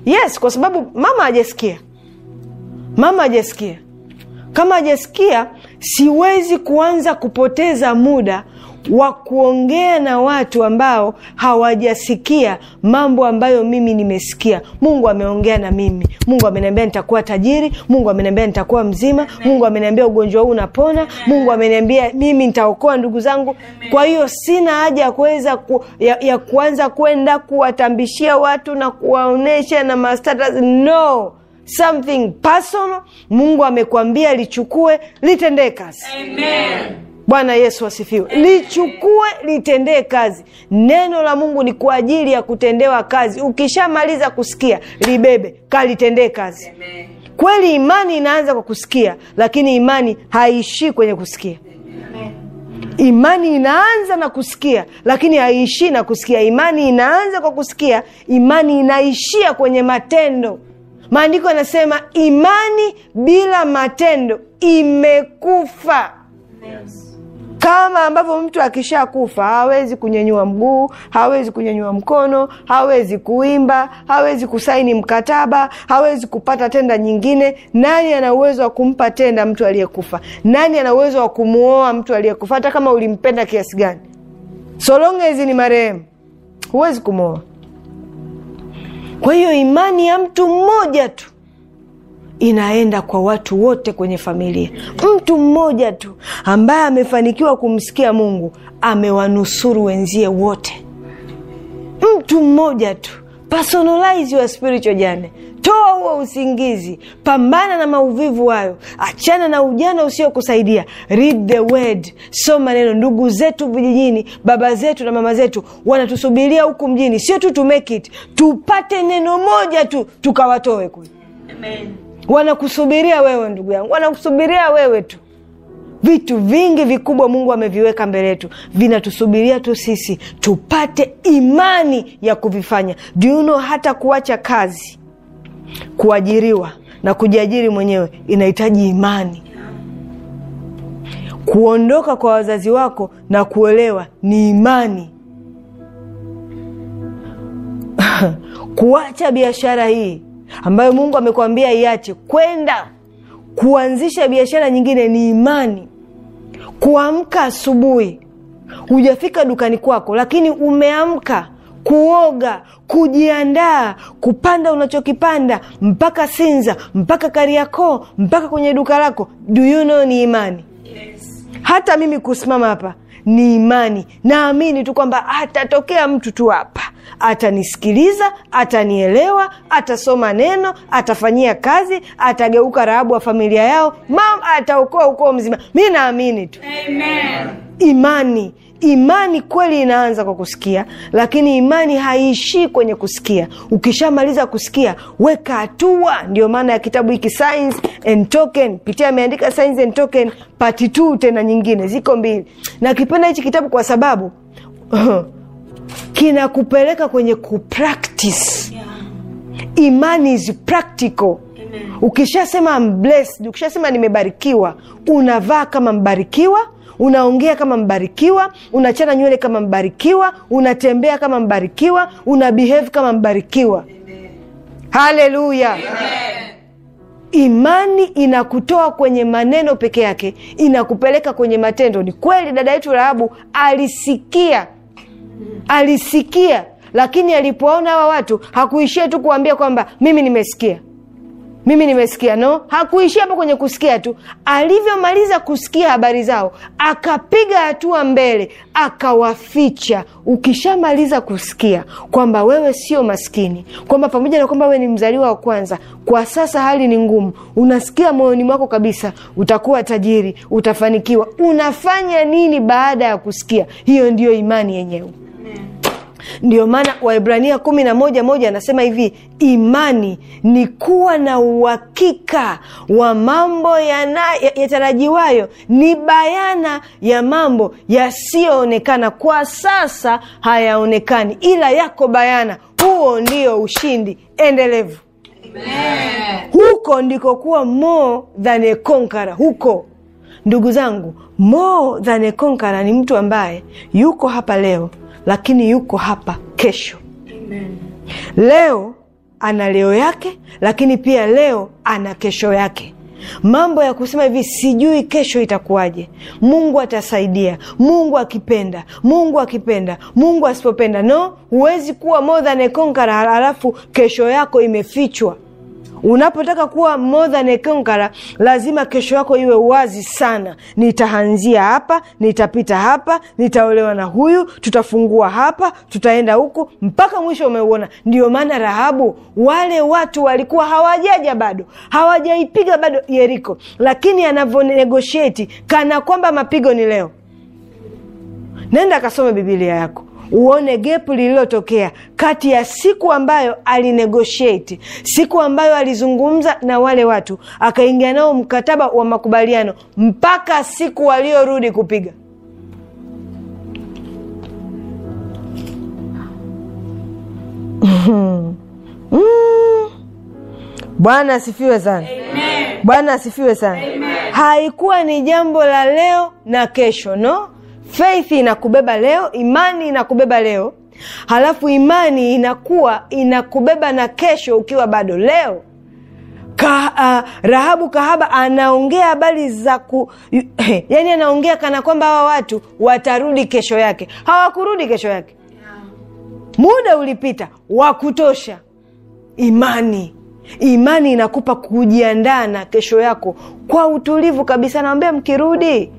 yes kwa sababu mama hajasikia mama hajasikia kama hajasikia siwezi kuanza kupoteza muda wa kuongea na watu ambao hawajasikia mambo ambayo mimi nimesikia. Mungu ameongea na mimi, Mungu ameniambia nitakuwa tajiri, Mungu ameniambia nitakuwa mzima, Mungu ameniambia ugonjwa huu unapona, Mungu ameniambia mimi nitaokoa ndugu zangu. Kwa hiyo sina haja ya kuweza ku, ya, ya kuanza kwenda kuwatambishia watu na kuwaonesha na masters. no something personal. Mungu amekwambia lichukue, litendee kazi. Amen. Bwana Yesu asifiwe. Lichukue litendee kazi. Neno la Mungu ni kwa ajili ya kutendewa kazi. Ukishamaliza kusikia, libebe, kalitendee kazi. Amen. Kweli imani inaanza kwa kusikia, lakini imani haiishii kwenye kusikia. Imani inaanza na kusikia, lakini haiishii na kusikia. Imani inaanza kwa kusikia, imani inaishia kwenye matendo. Maandiko yanasema imani bila matendo imekufa. Yes kama ambavyo mtu akishakufa hawezi kunyanyua mguu, hawezi kunyanyua mkono, hawezi kuimba, hawezi kusaini mkataba, hawezi kupata tenda nyingine. Nani ana uwezo wa kumpa tenda mtu aliyekufa? Nani ana uwezo wa kumuoa mtu aliyekufa? Hata kama ulimpenda kiasi gani, solongezi ni marehemu, huwezi kumuoa. Kwa hiyo imani ya mtu mmoja tu inaenda kwa watu wote kwenye familia. Mtu mmoja tu ambaye amefanikiwa kumsikia Mungu amewanusuru wenzie wote. Mtu mmoja tu. Personalize your spiritual journey. Toa huo usingizi, pambana na mauvivu hayo, achana na ujana usiokusaidia. Read the word, soma neno. Ndugu zetu vijijini, baba zetu na mama zetu wanatusubiria huku mjini, sio tu to make it, tupate neno moja tu tukawatoe kule. Amen wanakusubiria wewe ndugu yangu wanakusubiria wewe tu vitu vingi vikubwa mungu ameviweka mbele yetu vinatusubiria tu sisi tupate imani ya kuvifanya diuno you know, hata kuacha kazi kuajiriwa na kujiajiri mwenyewe inahitaji imani kuondoka kwa wazazi wako na kuolewa ni imani kuacha biashara hii ambayo mungu amekuambia iache kwenda kuanzisha biashara nyingine ni imani kuamka asubuhi hujafika dukani kwako lakini umeamka kuoga kujiandaa kupanda unachokipanda mpaka sinza mpaka kariakoo mpaka kwenye duka lako do you know ni imani yes. hata mimi kusimama hapa ni imani naamini tu kwamba atatokea mtu tu hapa atanisikiliza, atanielewa, atasoma neno, atafanyia kazi, atageuka Rahabu wa familia yao, mama ataokoa ukoo mzima. Mi naamini tu Amen. Imani Imani kweli inaanza kwa kusikia, lakini imani haiishii kwenye kusikia. Ukishamaliza kusikia, weka hatua. Ndio maana ya kitabu hiki Signs and Token, Pitia ameandika Signs and Token part tena nyingine ziko mbili. Nakipenda hichi kitabu kwa sababu kinakupeleka kwenye kupractice yeah. Imani is practical. Ukishasema blessed, ukishasema nimebarikiwa, unavaa kama mbarikiwa, unaongea kama mbarikiwa, unachana nywele kama mbarikiwa, unatembea kama mbarikiwa, una behave kama mbarikiwa. Haleluya! Imani inakutoa kwenye maneno peke yake, inakupeleka kwenye matendo. Ni kweli dada yetu Rahabu alisikia alisikia, lakini alipoona hawa watu hakuishia tu kuambia kwamba mimi nimesikia mimi nimesikia. No, hakuishia hapo kwenye kusikia tu. Alivyomaliza kusikia habari zao, akapiga hatua mbele, akawaficha. Ukishamaliza kusikia kwamba wewe sio maskini, kwamba pamoja na kwamba wewe ni mzaliwa wa kwanza, kwa sasa hali ni ngumu, unasikia moyoni mwako kabisa utakuwa tajiri, utafanikiwa, unafanya nini baada ya kusikia? Hiyo ndiyo imani yenyewe ndio maana waibrania kumi na moja moja anasema hivi imani ni kuwa na uhakika wa mambo yatarajiwayo ya, ya ni bayana ya mambo yasiyoonekana kwa sasa hayaonekani ila yako bayana huo ndio ushindi endelevu Amen. huko ndiko kuwa more than a huko ndugu zangu more than a ni mtu ambaye yuko hapa leo lakini yuko hapa kesho. Amen. Leo ana leo yake, lakini pia leo ana kesho yake. Mambo ya kusema hivi sijui kesho itakuwaje, Mungu atasaidia, Mungu akipenda, Mungu akipenda, Mungu asipopenda, no. Huwezi kuwa more than a conqueror halafu kesho yako imefichwa Unapotaka kuwa more than a conqueror, lazima kesho yako iwe wazi sana. Nitaanzia hapa, nitapita hapa, nitaolewa na huyu, tutafungua hapa, tutaenda huku, mpaka mwisho umeuona. Ndio maana Rahabu, wale watu walikuwa hawajaja bado, hawajaipiga bado Yeriko, lakini anavyonegosheti kana kwamba mapigo ni leo. Nenda akasome Bibilia yako uone gepu lililotokea kati ya siku ambayo alinegotiate, siku ambayo alizungumza na wale watu akaingia nao mkataba wa makubaliano mpaka siku waliorudi kupiga. Mm. Bwana asifiwe sana. Bwana asifiwe sana. Amen. Haikuwa ni jambo la leo na kesho, no faith inakubeba leo, imani inakubeba leo, halafu imani inakuwa inakubeba na kesho ukiwa bado leo. Ka, uh, Rahabu kahaba anaongea habari za ku, yani anaongea kana kwamba hawa watu watarudi kesho yake. Hawakurudi kesho yake, muda ulipita wa kutosha. Imani, imani inakupa kujiandaa na kesho yako kwa utulivu kabisa. Nawambia mkirudi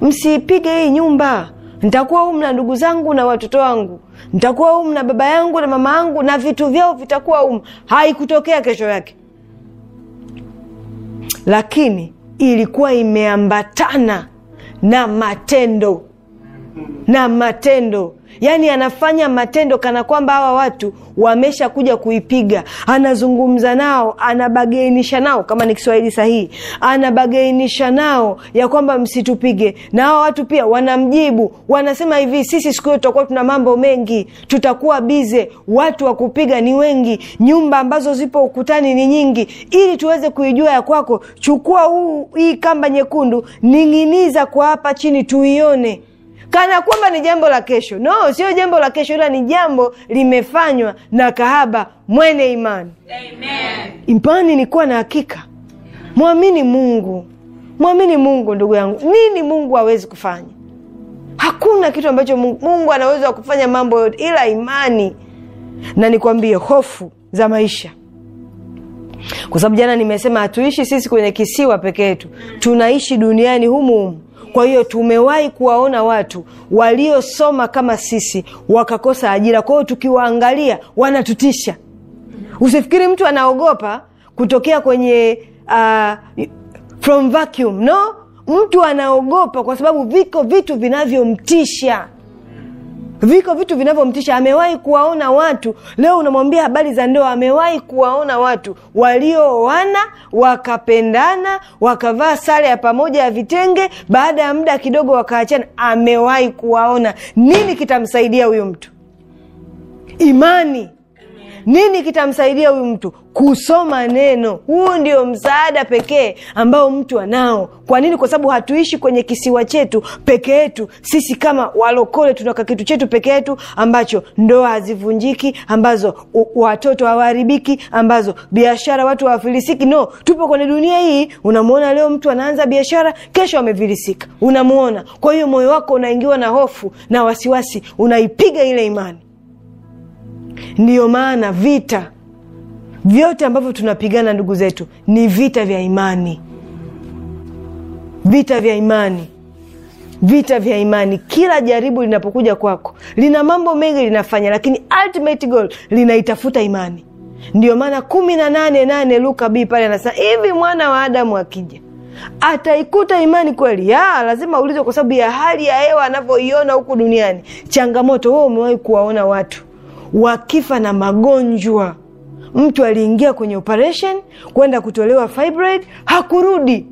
msiipige hii nyumba, ntakuwa humu na ndugu zangu na watoto wangu, ntakuwa humu na baba yangu na mama yangu, na vitu vyao vitakuwa humu. Haikutokea kesho yake, lakini ilikuwa imeambatana na matendo na matendo yaani anafanya matendo kana kwamba hawa watu wameshakuja kuipiga anazungumza nao anabagainisha nao kama ni kiswahili sahihi anabageinisha nao ya kwamba msitupige na hawa watu pia wanamjibu wanasema hivi sisi siku hiyo tutakuwa tuna mambo mengi tutakuwa bize watu wa kupiga ni wengi nyumba ambazo zipo ukutani ni nyingi ili tuweze kuijua ya kwako chukua huu hii kamba nyekundu ning'iniza kwa hapa chini tuione kana kwamba ni jambo la kesho. No, sio jambo la kesho, ila ni jambo limefanywa na kahaba mwene imani. Imani ni kuwa na hakika, mwamini Mungu, mwamini Mungu. Ndugu yangu, nini Mungu hawezi kufanya? Hakuna kitu ambacho Mungu, Mungu anaweza wa kufanya mambo yote, ila imani. Na nikwambie hofu za maisha kwa sababu jana nimesema hatuishi sisi kwenye kisiwa peke yetu, tunaishi duniani humu humu. Kwa hiyo tumewahi kuwaona watu waliosoma kama sisi wakakosa ajira. Kwa hiyo tukiwaangalia wanatutisha. Usifikiri mtu anaogopa kutokea kwenye uh, from vacuum. No, mtu anaogopa kwa sababu viko vitu vinavyomtisha viko vitu vinavyomtisha amewahi kuwaona watu leo unamwambia habari za ndoa amewahi kuwaona watu walioana wakapendana wakavaa sare ya pamoja ya vitenge baada ya muda kidogo wakaachana amewahi kuwaona nini kitamsaidia huyu mtu imani nini kitamsaidia huyu mtu? Kusoma neno. Huu ndio msaada pekee ambao mtu anao. Kwa nini? Kwa sababu hatuishi kwenye kisiwa chetu peke yetu. Sisi kama walokole tunaka kitu chetu peke yetu ambacho ndoa hazivunjiki, ambazo watoto hawaharibiki, ambazo biashara watu hawafilisiki. No, tupo kwenye dunia hii. Unamwona leo mtu anaanza biashara, kesho amefilisika, unamwona. Kwa hiyo moyo wako unaingiwa na hofu na wasiwasi, unaipiga ile imani ndiyo maana vita vyote ambavyo tunapigana ndugu zetu ni vita vya imani vita vya imani vita vya imani kila jaribu linapokuja kwako lina mambo mengi linafanya lakini ultimate goal linaitafuta imani ndiyo maana kumi na nane nane luka b pale anasema hivi mwana wa adamu akija ataikuta imani kweli ya lazima ulize kwa sababu ya hali ya hewa anavyoiona huku duniani changamoto huo umewahi kuwaona watu wakifa na magonjwa. Mtu aliingia kwenye operation kwenda kutolewa fibroid, hakurudi.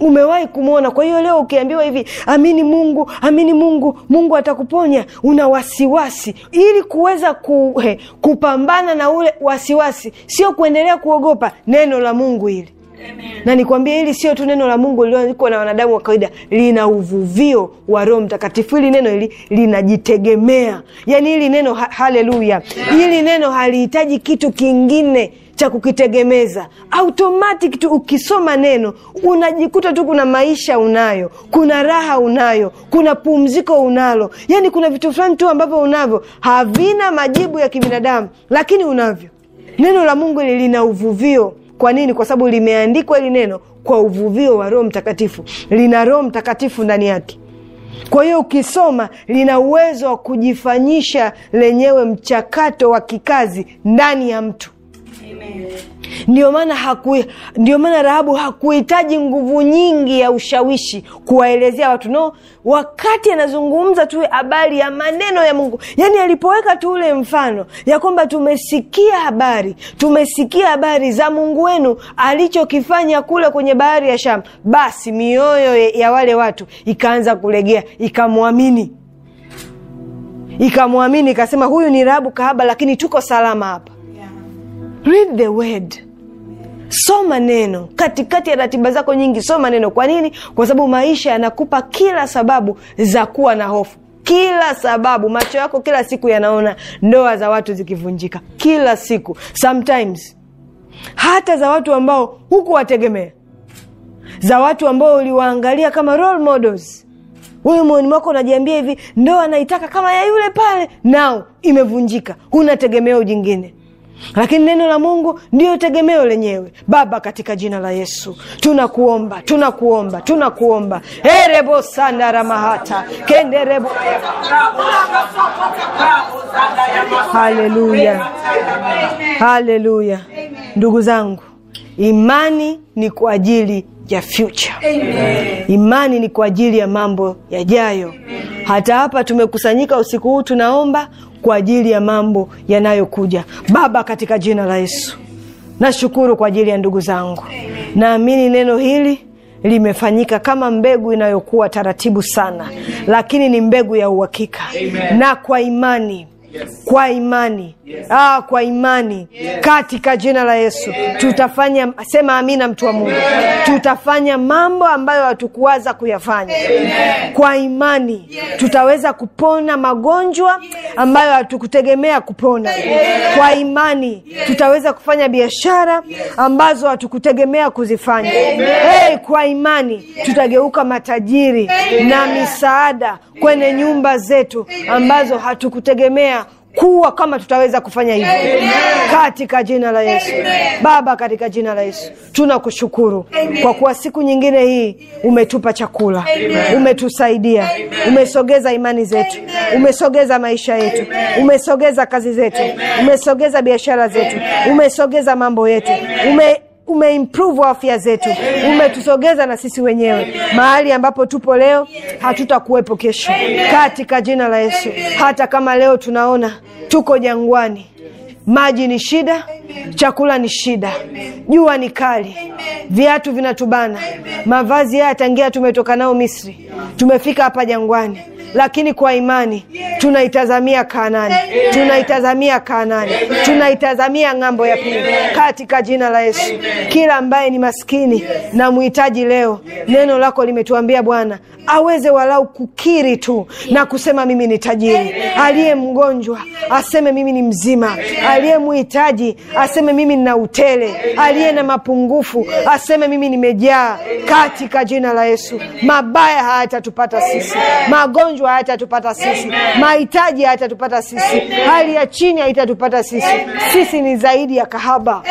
Umewahi kumwona? Kwa hiyo leo ukiambiwa hivi, amini Mungu, amini Mungu, Mungu atakuponya, una wasiwasi. Ili kuweza ku, he, kupambana na ule wasiwasi, sio kuendelea kuogopa neno la Mungu hili na nikwambia hili sio tu neno la mungu lilioandikwa na wanadamu wa kawaida lina uvuvio wa roho mtakatifu hili neno hili linajitegemea yaani hili neno ha- haleluya hili neno halihitaji kitu kingine cha kukitegemeza automatic tu ukisoma neno unajikuta tu kuna maisha unayo kuna raha unayo kuna pumziko unalo yaani kuna vitu fulani tu ambavyo unavyo havina majibu ya kibinadamu lakini unavyo neno la mungu hili lina uvuvio kwa nini? Kwa sababu limeandikwa hili neno kwa uvuvio wa Roho Mtakatifu, lina Roho Mtakatifu ndani yake. Kwa hiyo ukisoma, lina uwezo wa kujifanyisha lenyewe mchakato wa kikazi ndani ya mtu. Ndio maana haku, ndio maana Rahabu hakuhitaji nguvu nyingi ya ushawishi kuwaelezea watu no, wakati anazungumza tu habari ya maneno ya Mungu, yaani alipoweka tu ule mfano ya kwamba tumesikia habari, tumesikia habari za Mungu wenu alichokifanya kule kwenye bahari ya Shamu, basi mioyo ya wale watu ikaanza kulegea, ikamwamini, ikamwamini, ikasema huyu ni Rahabu kahaba, lakini tuko salama hapa. Read the word. Soma neno katikati ya ratiba zako nyingi, soma neno. Kwa nini? Kwa sababu maisha yanakupa kila sababu za kuwa na hofu kila sababu. Macho yako kila siku yanaona ndoa za watu zikivunjika kila siku, sometimes hata za watu ambao hukuwategemea, za watu ambao uliwaangalia kama role models. Wewe moyoni mwako unajiambia hivi, ndoa naitaka kama ya yule pale, nao imevunjika. Unategemea ujingine lakini neno la Mungu ndiyo tegemeo lenyewe. Baba, katika jina la Yesu tunakuomba, tunakuomba, tunakuomba erebo sana ramahata kenderebo. Haleluya, haleluya. Ndugu zangu, imani ni kwa ajili ya future. Amen. Imani ni kwa ajili ya mambo yajayo. Amen. Hata hapa tumekusanyika usiku huu tunaomba kwa ajili ya mambo yanayokuja. Baba, katika jina la Yesu nashukuru kwa ajili ya ndugu zangu. Naamini neno hili limefanyika kama mbegu inayokuwa taratibu sana, lakini ni mbegu ya uhakika na kwa imani, yes. Kwa imani yes. ah, kwa imani yes. katika jina la Yesu Amen. Tutafanya, sema amina, mtu wa Mungu. Amen. Tutafanya mambo ambayo hatukuwaza kuyafanya Amen. Kwa imani yes. Tutaweza kupona magonjwa ambayo hatukutegemea kupona Amen. Kwa imani yes. Tutaweza kufanya biashara ambazo hatukutegemea kuzifanya hey, kwa imani yes. Tutageuka matajiri Amen. na misaada kwenye nyumba zetu ambazo hatukutegemea kuwa kama tutaweza kufanya hivyo katika jina la Yesu. Amen. Baba, katika jina la Yesu tunakushukuru kwa kuwa siku nyingine hii umetupa chakula. Amen. Umetusaidia. Amen. Umesogeza imani zetu. Amen. Umesogeza maisha yetu. Amen. Umesogeza kazi zetu. Amen. Umesogeza biashara zetu. Amen. Umesogeza mambo yetu. Ume umeimprove afya zetu, umetusogeza na sisi wenyewe mahali ambapo tupo leo, hatutakuwepo kesho, katika jina la Yesu. Hata kama leo tunaona tuko jangwani, maji ni shida, chakula ni shida, jua ni kali, viatu vinatubana, mavazi haya tangia tumetoka nao Misri tumefika hapa jangwani lakini kwa imani tunaitazamia Kanani, tunaitazamia Kanani, tunaitazamia ng'ambo ya pili katika jina la Yesu. Kila ambaye ni maskini na mhitaji leo, neno lako limetuambia Bwana aweze walau kukiri tu na kusema mimi ni tajiri. Aliye mgonjwa aseme mimi ni mzima. Aliye mhitaji aseme mimi nina utele. Aliye na mapungufu aseme mimi nimejaa, katika jina la Yesu. Mabaya hayatatupata sisi, magonjwa magonjwa hayatatupata sisi, mahitaji hayatatupata sisi, hali ya chini haitatupata sisi. Sisi ni zaidi ya kahaba,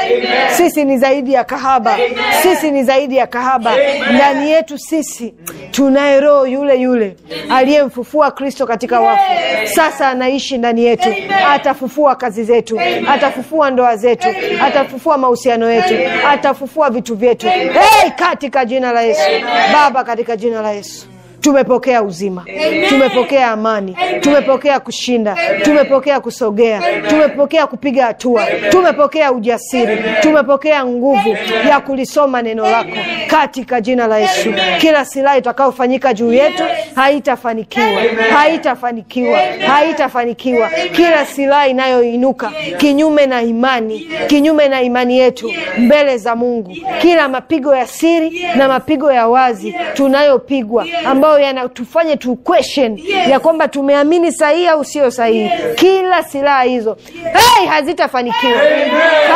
sisi ni zaidi ya kahaba, sisi ni zaidi ya kahaba. Ndani yetu sisi tunaye Roho yule yule aliyemfufua Kristo katika wafu, sasa anaishi ndani yetu. Atafufua kazi zetu, atafufua ndoa zetu, atafufua mahusiano yetu, atafufua vitu vyetu. Hey, katika jina la Yesu Baba, katika jina la Yesu tumepokea uzima Amen. tumepokea amani Amen. tumepokea kushinda Amen. tumepokea kusogea Amen. tumepokea kupiga hatua Amen. tumepokea ujasiri Amen. tumepokea nguvu Amen. ya kulisoma neno lako katika jina la Yesu Amen. kila silaha itakayofanyika juu yetu haitafanikiwa haitafanikiwa haitafanikiwa kila silaha inayoinuka kinyume na imani kinyume na imani yetu mbele za Mungu kila mapigo ya siri na mapigo ya wazi tunayopigwa ambayo ambayo yanatufanye tu question yes. ya kwamba tumeamini sahihi au sio sahihi yes. kila silaha hizo yes. hey, hazitafanikiwa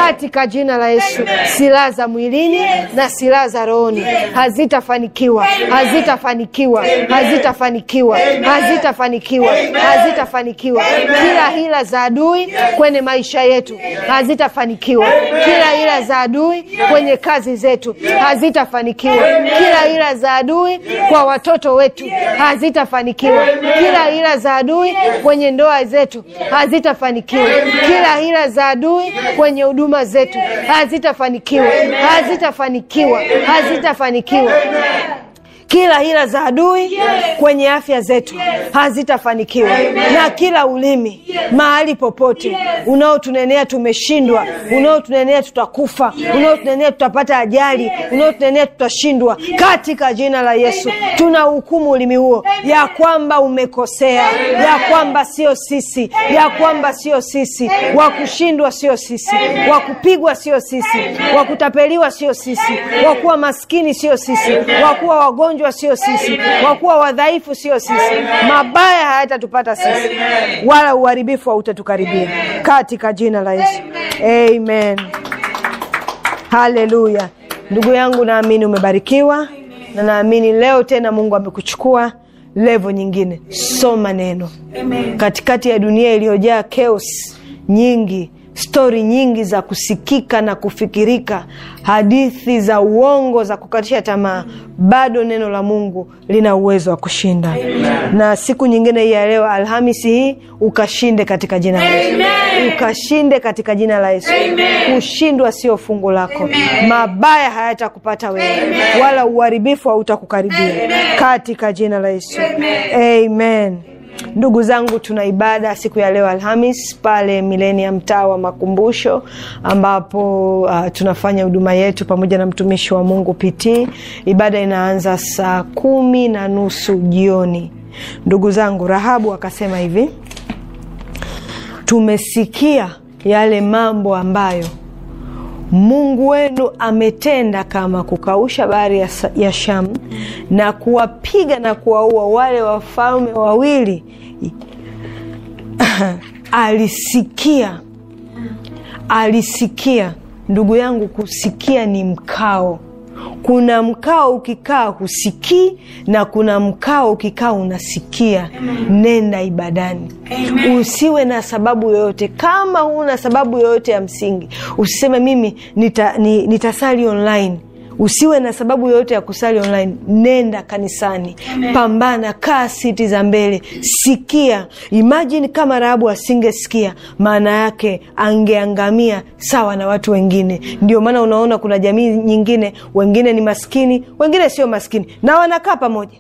katika jina la Yesu. Silaha za mwilini yes. na silaha za rohoni yes. hazitafanikiwa, hazitafanikiwa, hazitafanikiwa, hazitafanikiwa, hazitafanikiwa. Kila hila za adui kwenye maisha yetu hazitafanikiwa, kila hila za adui kwenye kazi zetu hazitafanikiwa, kila hila za adui kwa watoto wetu zetu hazitafanikiwa, kila hila za adui kwenye ndoa zetu hazitafanikiwa, kila hila za adui kwenye huduma zetu hazitafanikiwa, hazitafanikiwa, hazitafanikiwa kila hila za adui yes. kwenye afya zetu yes. hazitafanikiwa na kila ulimi yes. mahali popote yes. unaotunenea tumeshindwa yes. unaotunenea tutakufa yes. unaotunenea tutapata ajali yes. unaotunenea tutashindwa yes. katika jina la Yesu Amen. tuna hukumu ulimi huo Amen. ya kwamba umekosea Amen. ya kwamba sio sisi Amen. ya kwamba sio sisi wa kushindwa sio sisi wa kupigwa sio sisi wa kutapeliwa sio sisi wa kuwa maskini sio sisi wa kuwa wagonjwa wagonjwa sio sisi, kwa kuwa wadhaifu sio sisi, mabaya hayatatupata sisi, wala uharibifu hautatukaribia katika jina la Yesu, amen. Haleluya! Ndugu yangu, naamini umebarikiwa na naamini leo tena Mungu amekuchukua levo nyingine. Soma neno katikati ya dunia iliyojaa keos nyingi stori nyingi za kusikika na kufikirika, hadithi za uongo za kukatisha tamaa, bado neno la Mungu lina uwezo wa kushinda Amen. Na siku nyingine hii ya leo Alhamisi hii ukashinde katika jina la Yesu, ukashinde katika jina la Yesu. Kushindwa sio fungu lako Amen. Mabaya hayatakupata wewe Wala uharibifu hautakukaribia katika jina la Yesu Amen. Amen. Ndugu zangu, tuna ibada siku ya leo Alhamis pale Milenia, mtaa wa Makumbusho, ambapo uh, tunafanya huduma yetu pamoja na mtumishi wa Mungu Pitii. Ibada inaanza saa kumi na nusu jioni. Ndugu zangu, Rahabu akasema hivi, tumesikia yale mambo ambayo Mungu wenu ametenda kama kukausha bahari ya, ya Shamu na kuwapiga na kuwaua wale wafalme wawili alisikia, alisikia. Ndugu yangu, kusikia ni mkao kuna mkao ukikaa husikii na kuna mkao ukikaa unasikia. Amen. Nenda ibadani. Amen. Usiwe na sababu yoyote. Kama huna sababu yoyote ya msingi, usiseme mimi nita, ni, nitasali online Usiwe na sababu yoyote ya kusali online. Nenda kanisani, pambana, kaa siti za mbele, sikia. Imajini kama Rahabu asingesikia, maana yake angeangamia sawa na watu wengine. Ndio maana unaona kuna jamii nyingine, wengine ni maskini, wengine sio maskini, na wanakaa pamoja.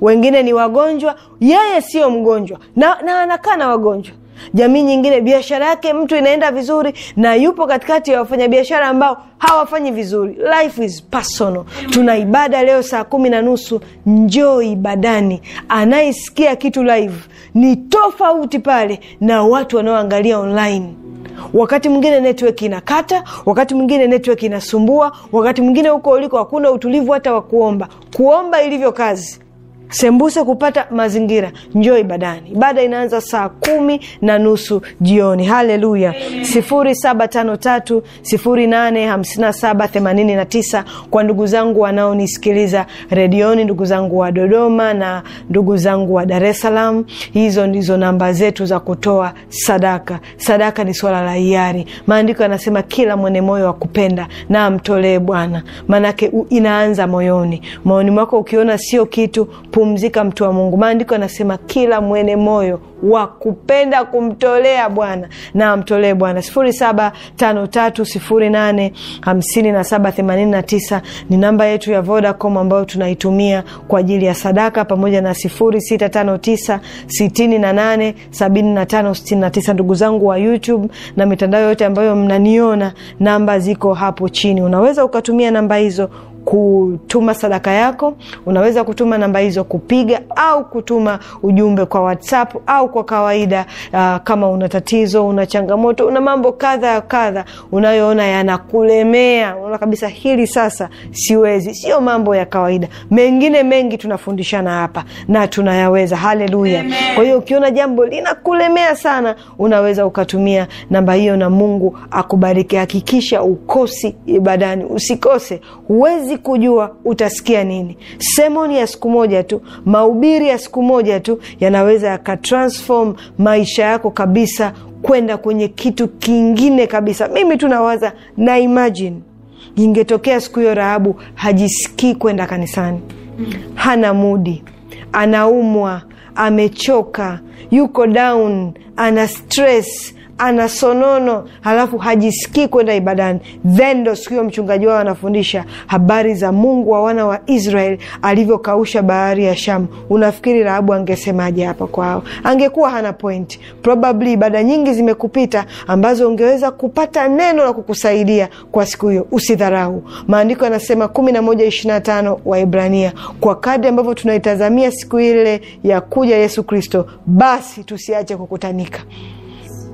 Wengine ni wagonjwa, yeye siyo mgonjwa na, na anakaa na wagonjwa jamii nyingine biashara yake mtu inaenda vizuri na yupo katikati ya wafanyabiashara ambao hawafanyi vizuri life is personal tuna ibada leo saa kumi na nusu njoo ibadani anayesikia kitu live ni tofauti pale na watu wanaoangalia online wakati mwingine network inakata wakati mwingine network inasumbua wakati mwingine huko uliko hakuna utulivu hata wa kuomba kuomba ilivyo kazi sembuse kupata mazingira, njoo ibadani. Ibada inaanza saa kumi na nusu jioni. Haleluya! sifuri saba tano tatu sifuri nane hamsini saba themanini na tisa kwa ndugu zangu wanaonisikiliza redioni, ndugu zangu wa Dodoma na ndugu zangu wa Dar es Salaam. Hizo ndizo namba zetu za kutoa sadaka. Sadaka ni swala la hiari. Maandiko yanasema kila mwenye moyo wa kupenda na amtolee Bwana, maanake inaanza moyoni. Moyoni mwako ukiona sio kitu pu pumzika, mtu wa Mungu. Maandiko anasema kila mwene moyo wa kupenda kumtolea Bwana na amtolee Bwana. sifuri saba tano tatu sifuri nane hamsini na saba themanini na tisa ni namba yetu ya Vodacom ambayo tunaitumia kwa ajili ya sadaka, pamoja na sifuri sita tano tisa sitini na nane sabini na tano sitini na tisa. Ndugu zangu wa YouTube na mitandao yote ambayo mnaniona, namba ziko hapo chini, unaweza ukatumia namba hizo kutuma sadaka yako. Unaweza kutuma namba hizo kupiga au kutuma ujumbe kwa WhatsApp au kwa kawaida. Uh, kama una tatizo, una changamoto, una mambo kadha ya kadha unayoona yanakulemea, unaona kabisa hili sasa siwezi, sio mambo ya kawaida. Mengine mengi tunafundishana hapa na tunayaweza. Haleluya! Kwa hiyo ukiona jambo linakulemea sana, unaweza ukatumia namba hiyo, na Mungu akubariki. Hakikisha ukosi ibadani, usikose, huwezi huwezi kujua utasikia nini. Semoni ya siku moja tu, maubiri ya siku moja tu yanaweza yakatransform maisha yako kabisa kwenda kwenye kitu kingine kabisa. Mimi tu nawaza na imajin ingetokea siku hiyo Rahabu hajisikii kwenda kanisani, hana mudi, anaumwa, amechoka, yuko down, ana stress ana sonono halafu hajisikii kwenda ibadani, then ndo siku hiyo mchungaji wao anafundisha habari za Mungu wa wana wa israel alivyokausha bahari ya Shamu. Unafikiri Rahabu angesemaje hapa kwao? Angekuwa hana point. Probably ibada nyingi zimekupita ambazo ungeweza kupata neno la kukusaidia kwa siku hiyo. Usidharau. Maandiko yanasema kumi na moja ishirini tano Waibrania, kwa kadi ambavyo tunaitazamia siku ile ya kuja Yesu Kristo, basi tusiache kukutanika.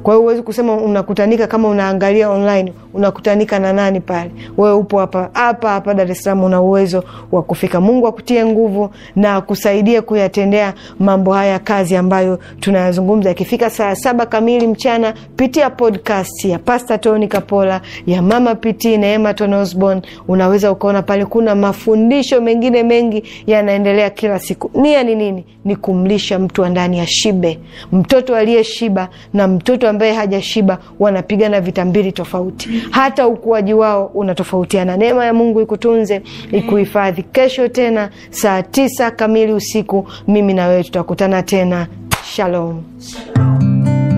Kwa hiyo huwezi kusema unakutanika, kama unaangalia online unakutanika na nani pale? Wewe upo hapa hapa hapa Dar es Salaam, una uwezo wa kufika. Mungu akutie nguvu na akusaidie kuyatendea mambo haya, kazi ambayo tunayazungumza. Ikifika saa saba kamili mchana, pitia podcast ya Pasta Tony Kapola ya Mama Pitii Neema Tony Osborne, unaweza ukaona pale kuna mafundisho mengine mengi yanaendelea kila siku. Nia ni nini? Ni kumlisha mtu wa ndani ya shibe, mtoto aliyeshiba na mtoto ambaye hajashiba, wanapigana vita mbili tofauti. Hata ukuaji wao unatofautiana. Neema ya Mungu ikutunze, ikuhifadhi. Kesho tena saa tisa kamili usiku mimi na wewe tutakutana tena. Shalom, shalom.